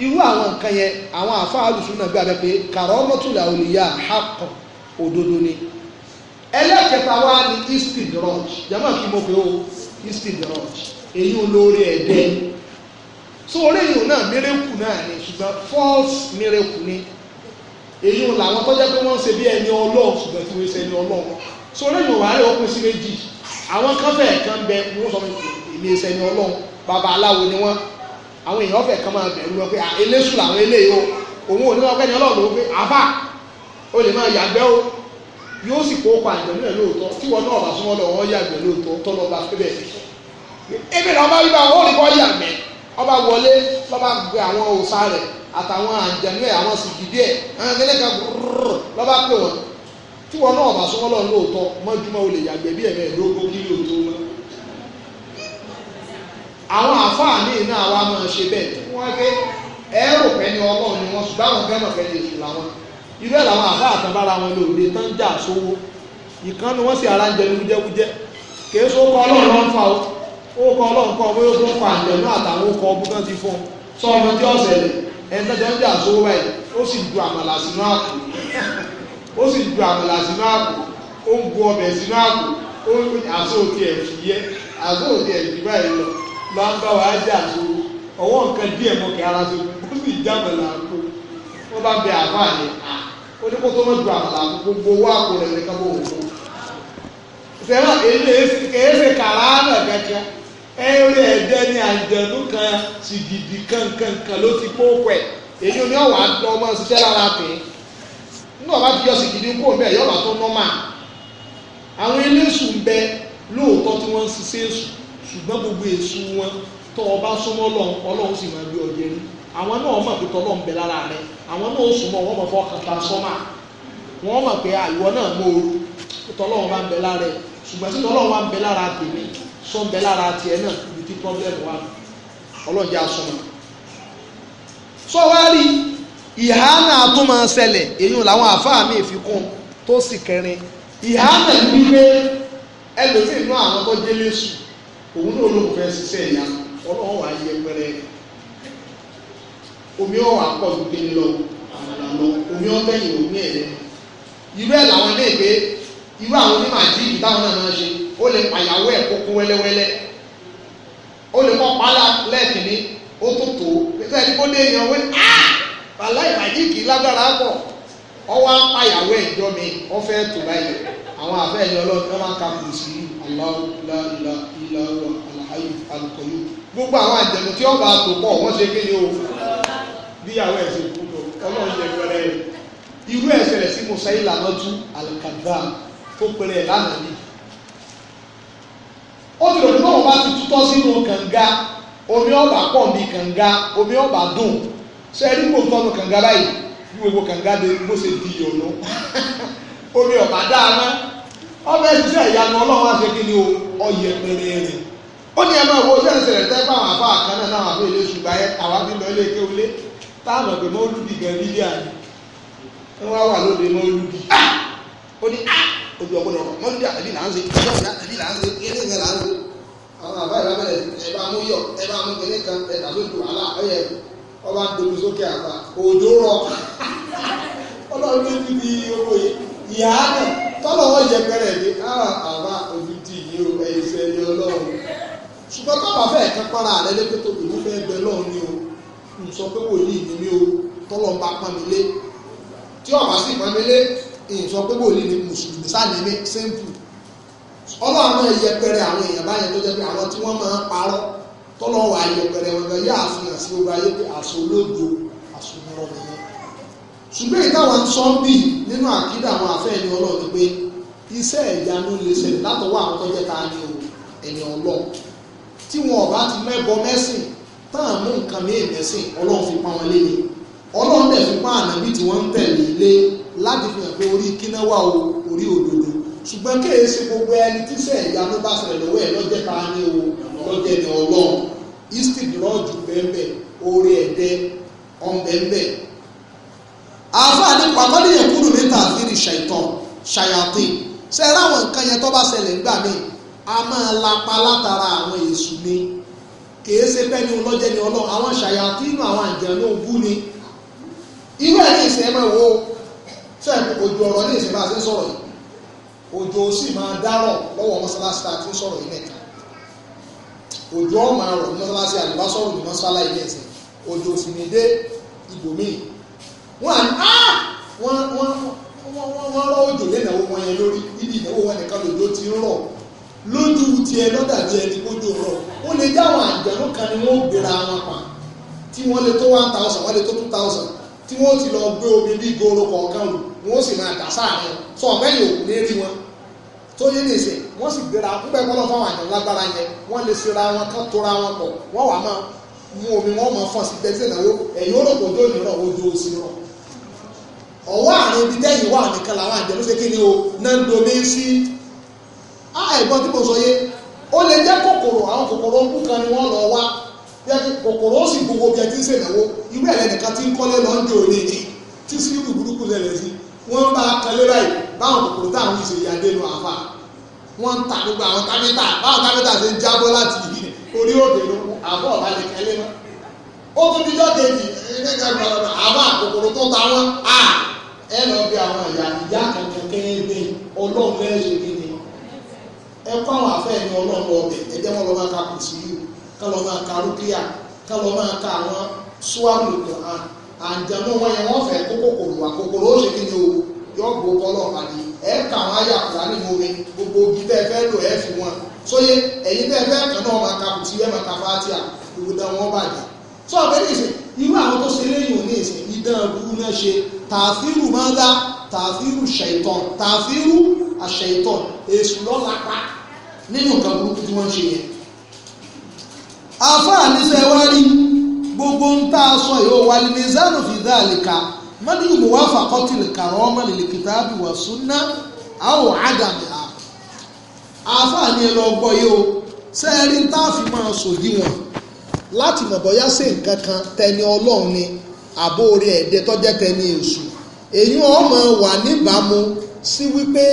irú àwọn nǹkan yẹn àwọn àfáà alùsùn náà gbé pé kàrọ́ mọ́tòlá òlìyà àkọ́ òdodo ni ẹlẹ́kẹta wa ni istid rọj jama kí mo pe o istid rọj èyí olórí ẹ̀dẹ́ so orí èyí náà mírèkù náà ni ṣùgbọ́n false mírèkù ni èyí làwọn tọ́jà pé wọ́n ń ṣe bí ẹni ọlọ́ọ̀ ṣùgbọ́n tí wọ́n ṣe ẹni ọlọ́ọ̀ so orí èyí wàhálà ó pín sí méjì àwọn kan fẹ̀ kan bẹ wọ́n sọ fún mi ìṣe ẹni ọlọ́ọ̀ bàbá aláwo ni wọ́n àwọn èèyàn fẹ̀ kan máa bẹ̀rù wọn pé eléṣù làwọn eléyìí o òun ò ní wọn pẹ́ ni ọlọ́ọ̀ ló pé àfà ó lè máa yàgbẹ́ o yóò sì kó kọ àjẹmú lóòótọ́ tí wọn náà bá súnmọ́ lọ wọn yàgbẹ́ lóòótọ́ tó bá fẹ́ bẹ́ẹ̀ ebi náà ọba wíwá ó rí kọ́ yàgbẹ́ ọba wọlé lọ́ba gbé àwọn òòṣà rẹ̀ àtàwọn àjẹmú àwọn sìgìdì ẹ̀ àwọn kẹlẹ́ kan lọ́ba pè wọ́n tí wọn náà bá súnmọ́ lọ lóòótọ́ mọ́júmọ́ olè yàgbẹ́ bí ẹ̀mẹ́ lógún lóòótọ́ mọ́ àwọn àfáà irú ẹ̀ làwọn àbá àtàbára wọn lòdì tán jà sówó ìkànnì wọn sì ara ń jẹnu wújẹwújẹ kìí sọ kọ ọlọ́run ló ń fa o ó kọ ọlọ́run kọ bóyá ó tó ń fa àjẹnú àtàwọn ọkọ̀ ọbú tán ti fún sọ ọmọ tí ọ̀sẹ̀ lè ẹni tó jẹ́ ń jà sówó báyìí ó sì ju àmàlà sínú àpò ó sì ju àmàlà sínú àpò ó ń bu ọbẹ̀ sínú àpò ó ń àṣọ òkè ẹ̀fì yẹ àṣọ òkè ẹ̀fì báyìí lọ lọ ń bá wa jà sówó ọwọ́ nǹkan díẹ̀ mọ́kẹ́ ara sówó ó sì jábọ̀ làákó wọ́n bá bẹ àbá yẹn ó ní kó tó mọ̀ ju àpò gbogbo owó àpò rẹ̀ nìkan bó wò ó sẹ́wọ̀n èéfè kàrá náà kẹ́kẹ́ ẹ orí ẹ̀jẹ̀ ni àjẹ̀dú kan sìgìdì kankankan ló ti kó pẹ̀ èyí ni ọ̀wà lọ ọmọ ṣiṣẹ́ lára pè é nígbà bá ti yọ sìgìdì kó bẹ́ẹ̀ yọ̀wà tó nọ́mà àwọn eléṣù ń bẹ lóòótọ́ tí wọ́n ń ṣiṣẹ́ èṣù ṣùgbọ́n gbogbo èṣù wọn tó ọba súnmọ́ lọ́hùn ọlọ́hùn sì máa gbé ọjẹ́ rí àwọn náà mọ̀ pé tọ́lọ́ ń bẹ lára rẹ àwọn náà sùn mọ́ wọ́n mọ̀ fọ́ kàtà sọ́mà wọ́n mọ̀ pé àìwọ́ náà mòoru tọ́lọ́ wọn bá ń bẹ lára rẹ ṣùgbọ́n tí tọ́lọ́ wọn bá ń bẹ lára tèmi sọ ń bẹ lára tiẹ̀ náà ibi tí pọ́blẹ́mù wà ọlọ́jà sọmọ. sọ wá rí ìhá náà tó máa ṣẹlẹ̀ èyí làwọn àfáà mi fi kún tó sì kẹrin ìhá náà wípé ẹlòmíì náà omi ọ̀hún akọ̀dù kéde lọ àmàlà lọ omi ọ̀hún bẹ́yìn òun ní ẹ̀rẹ́ irú ẹ̀ làwọn ilé ìgbé irú àwọn onímọ̀ àjíìkì táwọn náà máa ṣe ó lè pàyàwó ẹ̀ kókó wẹ́lẹ́wẹ́lẹ́ ó lè kọ́ pálá lẹ́ẹ̀kìnní ó tó tó pẹ̀lú ẹni kó dé èèyàn wí á bàlá ìbàjíìkì lágbára pọ̀ ọwọ́ apáyàwó ẹ̀ jọ mi ọ fẹ́ tó báyìí àwọn àfẹ́ẹ̀yìn ọlọ́run gbogbo àwọn àjẹmú tí ọba àtòpọ̀ wọ́n ṣe kéde o bíyàwó ẹ̀ ṣe kú tó ọlọ́run jẹ pẹrẹ rẹ irú ẹ̀ ṣẹlẹ̀ sí musa ìlànà tú alikadra tó pẹrẹ ẹ̀ lánàá ni ó ti lòdì náà bá ti tutọ́ sínú kànga omi ọba pọ̀ mi kànga omi ọba dùn ṣe ẹni kò tọ́nu kànga báyìí bí gbogbo kànga de bó ṣe di ìyọ̀nù [LAUGHS] omi ọba dáná ọbẹ̀ ṣiṣẹ́ ìyanu ọlọ́run á ṣe kí ni ọyẹ pẹrẹ rẹ ó ní ẹ máa wo ṣẹ́ǹsì rẹ̀ tẹ́ fún àwọn àbá àkànnà náà àwọn àbẹ̀lẹ̀ ṣùgbọ́n àwọn àbí lọ ilé kéwlé táàmù pé mọ́lúdì gan bíbí àná ń wá wà lóde mọ́lúdì ah! ó ní ojú ah! ọgbọ́dọ̀ mọ́lúdì àtàlí là ń ṣe ìjọ ìlà àtàlí là ń ṣe kí ẹlẹ́gbẹ̀ẹ́ là ń ṣe àwọn àbáyé lábẹ́rẹ́ ẹ bá mú yọ ẹ bá mú kẹ́lẹ́ kan ẹ dà lójú àlá ọyẹ ọba ń dojú sókè àgbà òjò rọ [LAUGHS] ọlọ́run ló ti di owó ìyá náà tọ́lọ̀ wọ́n yẹ pẹ́rẹ́ ní àwọn ah, àbá ojú ti yí o ẹ̀yìn fẹ́ ní ọlọ́run ṣùgbọ́n tọ́lọ̀ fẹ́ẹ̀ kan pọ́nra rẹ lé pé tó kò ní fẹ́ gbẹ lọ́run ni o n sọ pé wòlíì ni mí o tọ́lọ̀ ń bá pọ́n mi lé tí ọ̀bá sì pọ́n mi lé n sọ pé wòlíì ni mùsùlùmí sáni mi simple ọlọ́ àwọn ìyẹpẹrẹ àwọn èèyàn báyẹn tó jẹ́ pé àwọn tí wọ́n máa ń parọ́ tọ́lọ̀ wà ìyẹpẹrẹ wọn gan yá àfihàn sí ogun ayé pé àṣọ olóògbé àṣọ mọ́rọ́ nìyẹn ṣùgbọ́n ìtawà ń sọ bí nínú àkídà àwọn àfẹ́ẹ̀ni ọlọ́run pé iṣẹ́ ìyanu lè ṣẹlẹ̀ látọwọ́ àwọn tó jẹ́ ta ni ẹni ọlọ́run tí wọn ọ̀bá ti mẹ́bọ mẹ́sìn táà mú nǹkan mìíràn ẹ̀sìn ọlọ́run fi pa wọn lé ni ọlọ́run dẹ̀ fi pa ànábì tí wọ́n ń tẹ̀lé lé láti fi hàn pé orí kíná wà o orí òdodo ṣùgbọ́n kéè ṣe gbogbo ẹni tí sẹ́ ìyá ló bá ṣẹlẹ̀ lọ́wọ́ ẹ̀ lọ́jẹ́ ta ni o lọ́jẹ́ ni ọlọ́run istik lọ́ọ̀jù bẹ́ẹ̀ orí ẹ̀dẹ́ ọ̀nbẹ́ẹ̀bẹ́ àfáàní pàmọ́lì yẹn kúrò níta àfírí ṣàìtàn ṣàyàtì ṣẹ́ẹ́rẹ́ àwọn nǹkan yẹn tó bá ṣẹlẹ̀ nígbà míì a máa lapa látara àwọn èṣù ni kìí ṣe ni ọlọ́jẹ́ ni ọlọ́run àwọn ṣàyàtú inú àwọn àjẹ̀nú bú ni irú ẹ̀ ní ìsìn wo fẹ́ ojú ọ̀rọ̀ ní a sọ̀rọ̀ yìí òjò sì máa dárọ̀ lọ́wọ́ mọ́sálásí tá ka sọ̀rọ̀ yìí mẹ́ta òjò ọ̀ máa rọ̀ ní sọ̀rọ̀ ní ẹ̀sìn òjò sì ní dé ibòmíì lójú tiẹ̀ lọ́dàbí ẹni kójú rọ̀ ó lè jẹ́ àwọn àjẹ̀nú kan ni wọ́n gbéra wọn pa tí wọ́n lè tó one thousand wọ́n lè tó two thousand tí wọ́n ti lọ gbé omi bí goro kọ̀ọ̀kan lò wọ́n sì máa dà sáàrin sọ ọ̀fẹ́ n'eri ní wọn tó yé wọ́n sì gbéra púpẹ́ kọ́lọ́ fáwọn lágbára wọ́n lè omi máa sí ìnáwó ẹ̀yìn tó ní ojú òsì rọ̀ ọ̀wọ́ àrùn ibi tẹ́yìn wà nìkan làwọn á ah, ẹ̀gbọ́n tí mo sọ yé ó lè jẹ́ kòkòrò àwọn kòkòrò ń kú kan ni wọ́n lọ wá kòkòrò ó sì gbogbo bí ẹ ti ń ṣèlẹ̀wó irú ẹ̀ lẹ́nìkan tí ń kọ́lé lọ ń dè òní ni tí sí irú burúkú lẹ́lẹ̀ sí wọ́n bá kalẹ́ báyìí báwọn kòkòrò táwọn ìṣe ìyáde nu àfa wọ́n ń ta gbogbo àwọn kápẹ́tà báwọn kápẹ́tà ṣe ń jábọ́ láti orí òde ló àbọ̀ ọ̀bá lè kẹ́lé mọ́ ó tún díjọ́ kejì ẹ̀ẹ́dẹ́gbẹ́ gbọ́dọ̀ àbá kòkòrò tó ta wọ́n à ẹ lọ bí àwọn ìyá ìyá kankan kẹ́ẹ́ ẹ kọ́ àwọn afẹ́ ẹni ọlọ́run ọbẹ̀ ẹ jẹ́ wọn lọ máa ka kùsùlù ká lọ máa ka rúkìá ká lọ máa ka àwọn suwaru kùrán àǹjẹ̀mú wọn yẹn wọ́n fẹ́ kókó kòrò wá kòkòrò ó ṣe kí ni o yọ gbó bọ́lọ̀ pàdé ẹ kà wọn ayé àkùrá nínú omi gbogbo ogi bẹ́ẹ̀ fẹ́ lò ẹ fi wọn sóye ẹ̀yin bẹ́ẹ̀ fẹ́ kàn náà máa ka kùsùlù ẹ máa ka fátíà ìwúdà wọn bàjẹ́ sọ ọ̀bẹ́ni ìsìn máa ń dá tààfírù ṣẹ̀tàn tààfírù àṣẹ̀tàn èṣù lọ́lapa nínú nǹkan burúkú tí wọ́n ń ṣe yẹn àfáà níṣẹ́ wá rí gbogbo ń tá a sọ yìí ó wà ní mizanu fìdá àlìkà mọ́nìyàn mọ̀ wá fàkọ́tì lìkà rọ́ ọmọ lè kìtà bí wà súnná àwọ̀ àdàmì à àfáà ni ẹ lọ gbọ́ yìí o sẹ́ẹ̀rí ń tá a fi máa sòdiwọ̀n láti mọ̀ bọ́yá sí nǹkan kan tẹni ọlọ́run ni àbó orí ẹ̀dẹ́ tọ́jẹ́ tẹni èṣù èyí ọmọ wà níbàámu sí wípé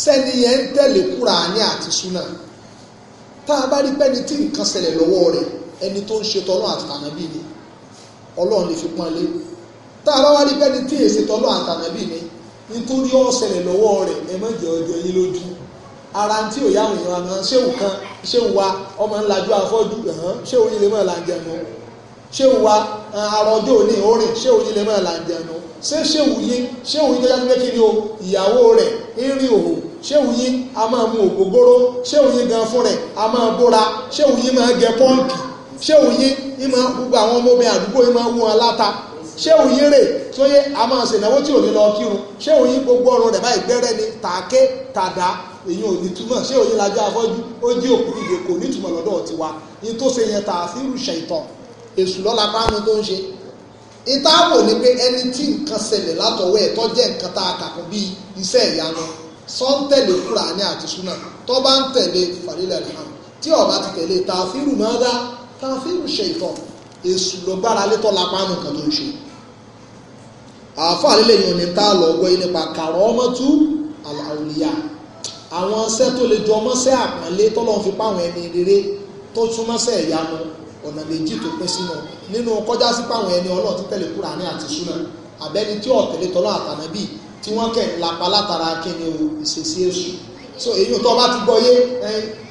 sẹ́ni yẹn ń tẹ̀lé Kùránì àti súnà tá a bá rí pẹ́ni tí nǹkan ṣẹlẹ̀ lọ́wọ́ rẹ̀ ẹni tó ń ṣe tọ́lọ́ àti tànàbí ni ọlọ́run lè fi pọ́n lé tá a bá wá rí pẹ́ni tí èsì tọ́lọ́ àti tànàbí ni nítorí ó ṣẹlẹ̀ lọ́wọ́ rẹ̀ ẹ má jẹ́ ọjọ́ yín lójú ara tí ò yá òyìnbó àná ṣéwù kan ṣéwù wa ọmọ ńlájú afọ́jú ṣéwù yìí lè mọ̀ là ń jẹun ṣéwù wa arọjọ́ òní orin ṣéwù yìí lè mọ̀ là ń jẹun ṣéwù yìí ṣéwù yìí tó yá o ìyàwó rẹ̀ ìrìn òhò ṣéhùn yín a máa mu ògógóró ṣéhùn yín gan fún rẹ̀ a máa bóra ṣéhùn yín máa gẹ pọ́ǹkì ṣéhùn yín yín máa gbogbo àwọn ọmọbìnrin àdúgbò yín máa wú wọn láta ṣéhùn yín rè tó yẹ a máa ṣènáwó tí ò ní lọ kírun ṣéhùn yín gbogbo ọrùn rẹ̀ báyìí gbẹ́rẹ́ ni tàáké tàdá èyí ò ní túmọ̀ ṣé òye lajú afọ́jú ó jí òkú ìdè kò nítumọ̀ lọ́dọ̀ tiwa ní tó ṣe yẹn tààfírù ṣẹ̀tàn èṣù lọ́la pàánù tó ń ṣe ìtaàbò ni pé ẹni tí nǹkan ṣẹlẹ̀ látọwọ́ ẹ̀ tó jẹ́ nǹkan tá a kà kún bíi iṣẹ́ ìyanu sọ ń tẹ̀lé Kùránì àti súnà tó bá ń tẹ̀lé fàlílẹ̀ ìlànà tí ó ti tẹ̀lé tààfírù máa dá tààfírù ṣe ìtọ̀ èṣù ló gbára létọ́ lápá nǹkan tó ń ṣe àáfàá lílẹ̀ yìí ni tá a lọ gbọ́ yìí nípa kàrọ́ ọmọ tú àlàolìyà àwọn iṣẹ́ tó le jọ mọ́ṣẹ́ àpọ́nlé tọ́lọ́ fi páwọn ẹni rere tó túmọ́ṣẹ́ ìyanu ọ̀nà méjì tó pín sínú nínú kọjá sí pàwọn ẹni ọlọ́run ti tẹ̀lé Kùránì àti súnà àbẹ́ni tí ọ̀tẹ̀lé tọ́lọ́ àtànábì tí wọ́n kẹ̀ ń lapa látara kíni o ìṣesí èṣù so èyí tó bá ti gbọ́ yé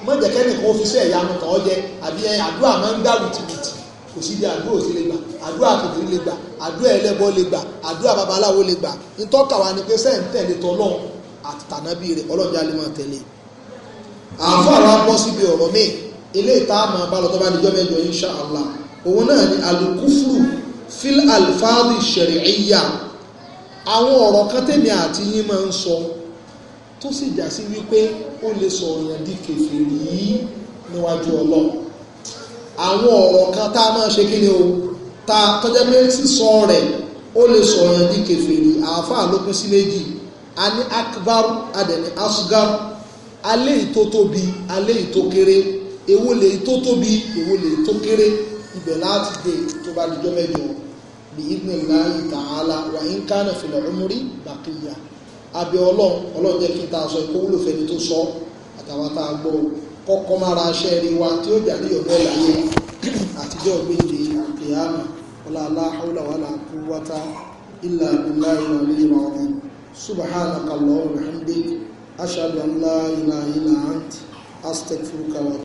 mọ̀jẹ̀kẹ́ nìkan ó fi sí ẹ̀yà nù kàn jẹ àbí àdúrà máa ń gbà wìtìwìtì kò sí bí àdúrà òsì lè gbà àdúrà àtòkìrì lè gbà àdúrà ẹlẹ́bọ lè gbà àdúrà babaláwo lè gbà ntọ́ka wa ni pé sẹ́yìn tẹ̀lé tọ́lọ́run àtànábì rẹ̀ ọlọ́run jálẹ̀ máa tẹ̀lé àfọ̀ àwọn abọ́ síbi ọ̀rọ̀ míì ilé ìta àmọ́ bá lọ tó bá di jọ́ mẹ́jọ insha allah òun náà ni alukufru fil alfaadi shari'iyya àwọn ọ̀rọ̀ kan tèmi àti yín máa ń sọ tó sì já sí wípé ó lè sọ ọ̀yàn di kèfèrí níwájú ọlọ́run àwọn ọ̀rọ̀ kan tá a máa ṣe kí ni o ta tọ́jẹ́ pé sísọ rẹ̀ ó lè sọ ọ̀yàn di kèfèrí àáfàá ló sí méjì a ní akbar adẹ̀ni asgar alẹ́ ìtótóbi alẹ́ ìtókéré èwo lè tó tóbi èwo lè tó kéré ibẹ̀ láti dé tó bá dijọ́ mẹ́jọ bí ibùdó láàyè tààlà wàyí ń kánà fìlẹ̀ ọmọrí bàkìyà abẹ ọlọ́run ọlọ́run jẹ́ kí n ta aṣọ ikú wúlò fẹ́ni tó sọ àtàwọn tá a gbọ́ kọ́kọ́ mára aṣẹ́ rí wa tí ó jà ní ọ̀gbẹ́ láyé àtijọ́ gbèdé àkèyàmà ọlá aláhàúlà wà láàkú wátá ilà abdullahi wà ní ìwà ọ̀run subahana kàlọ́ ọ̀rọ̀ hàndé aṣáájú aláìláìlà àǹtí aztec fúrukà wà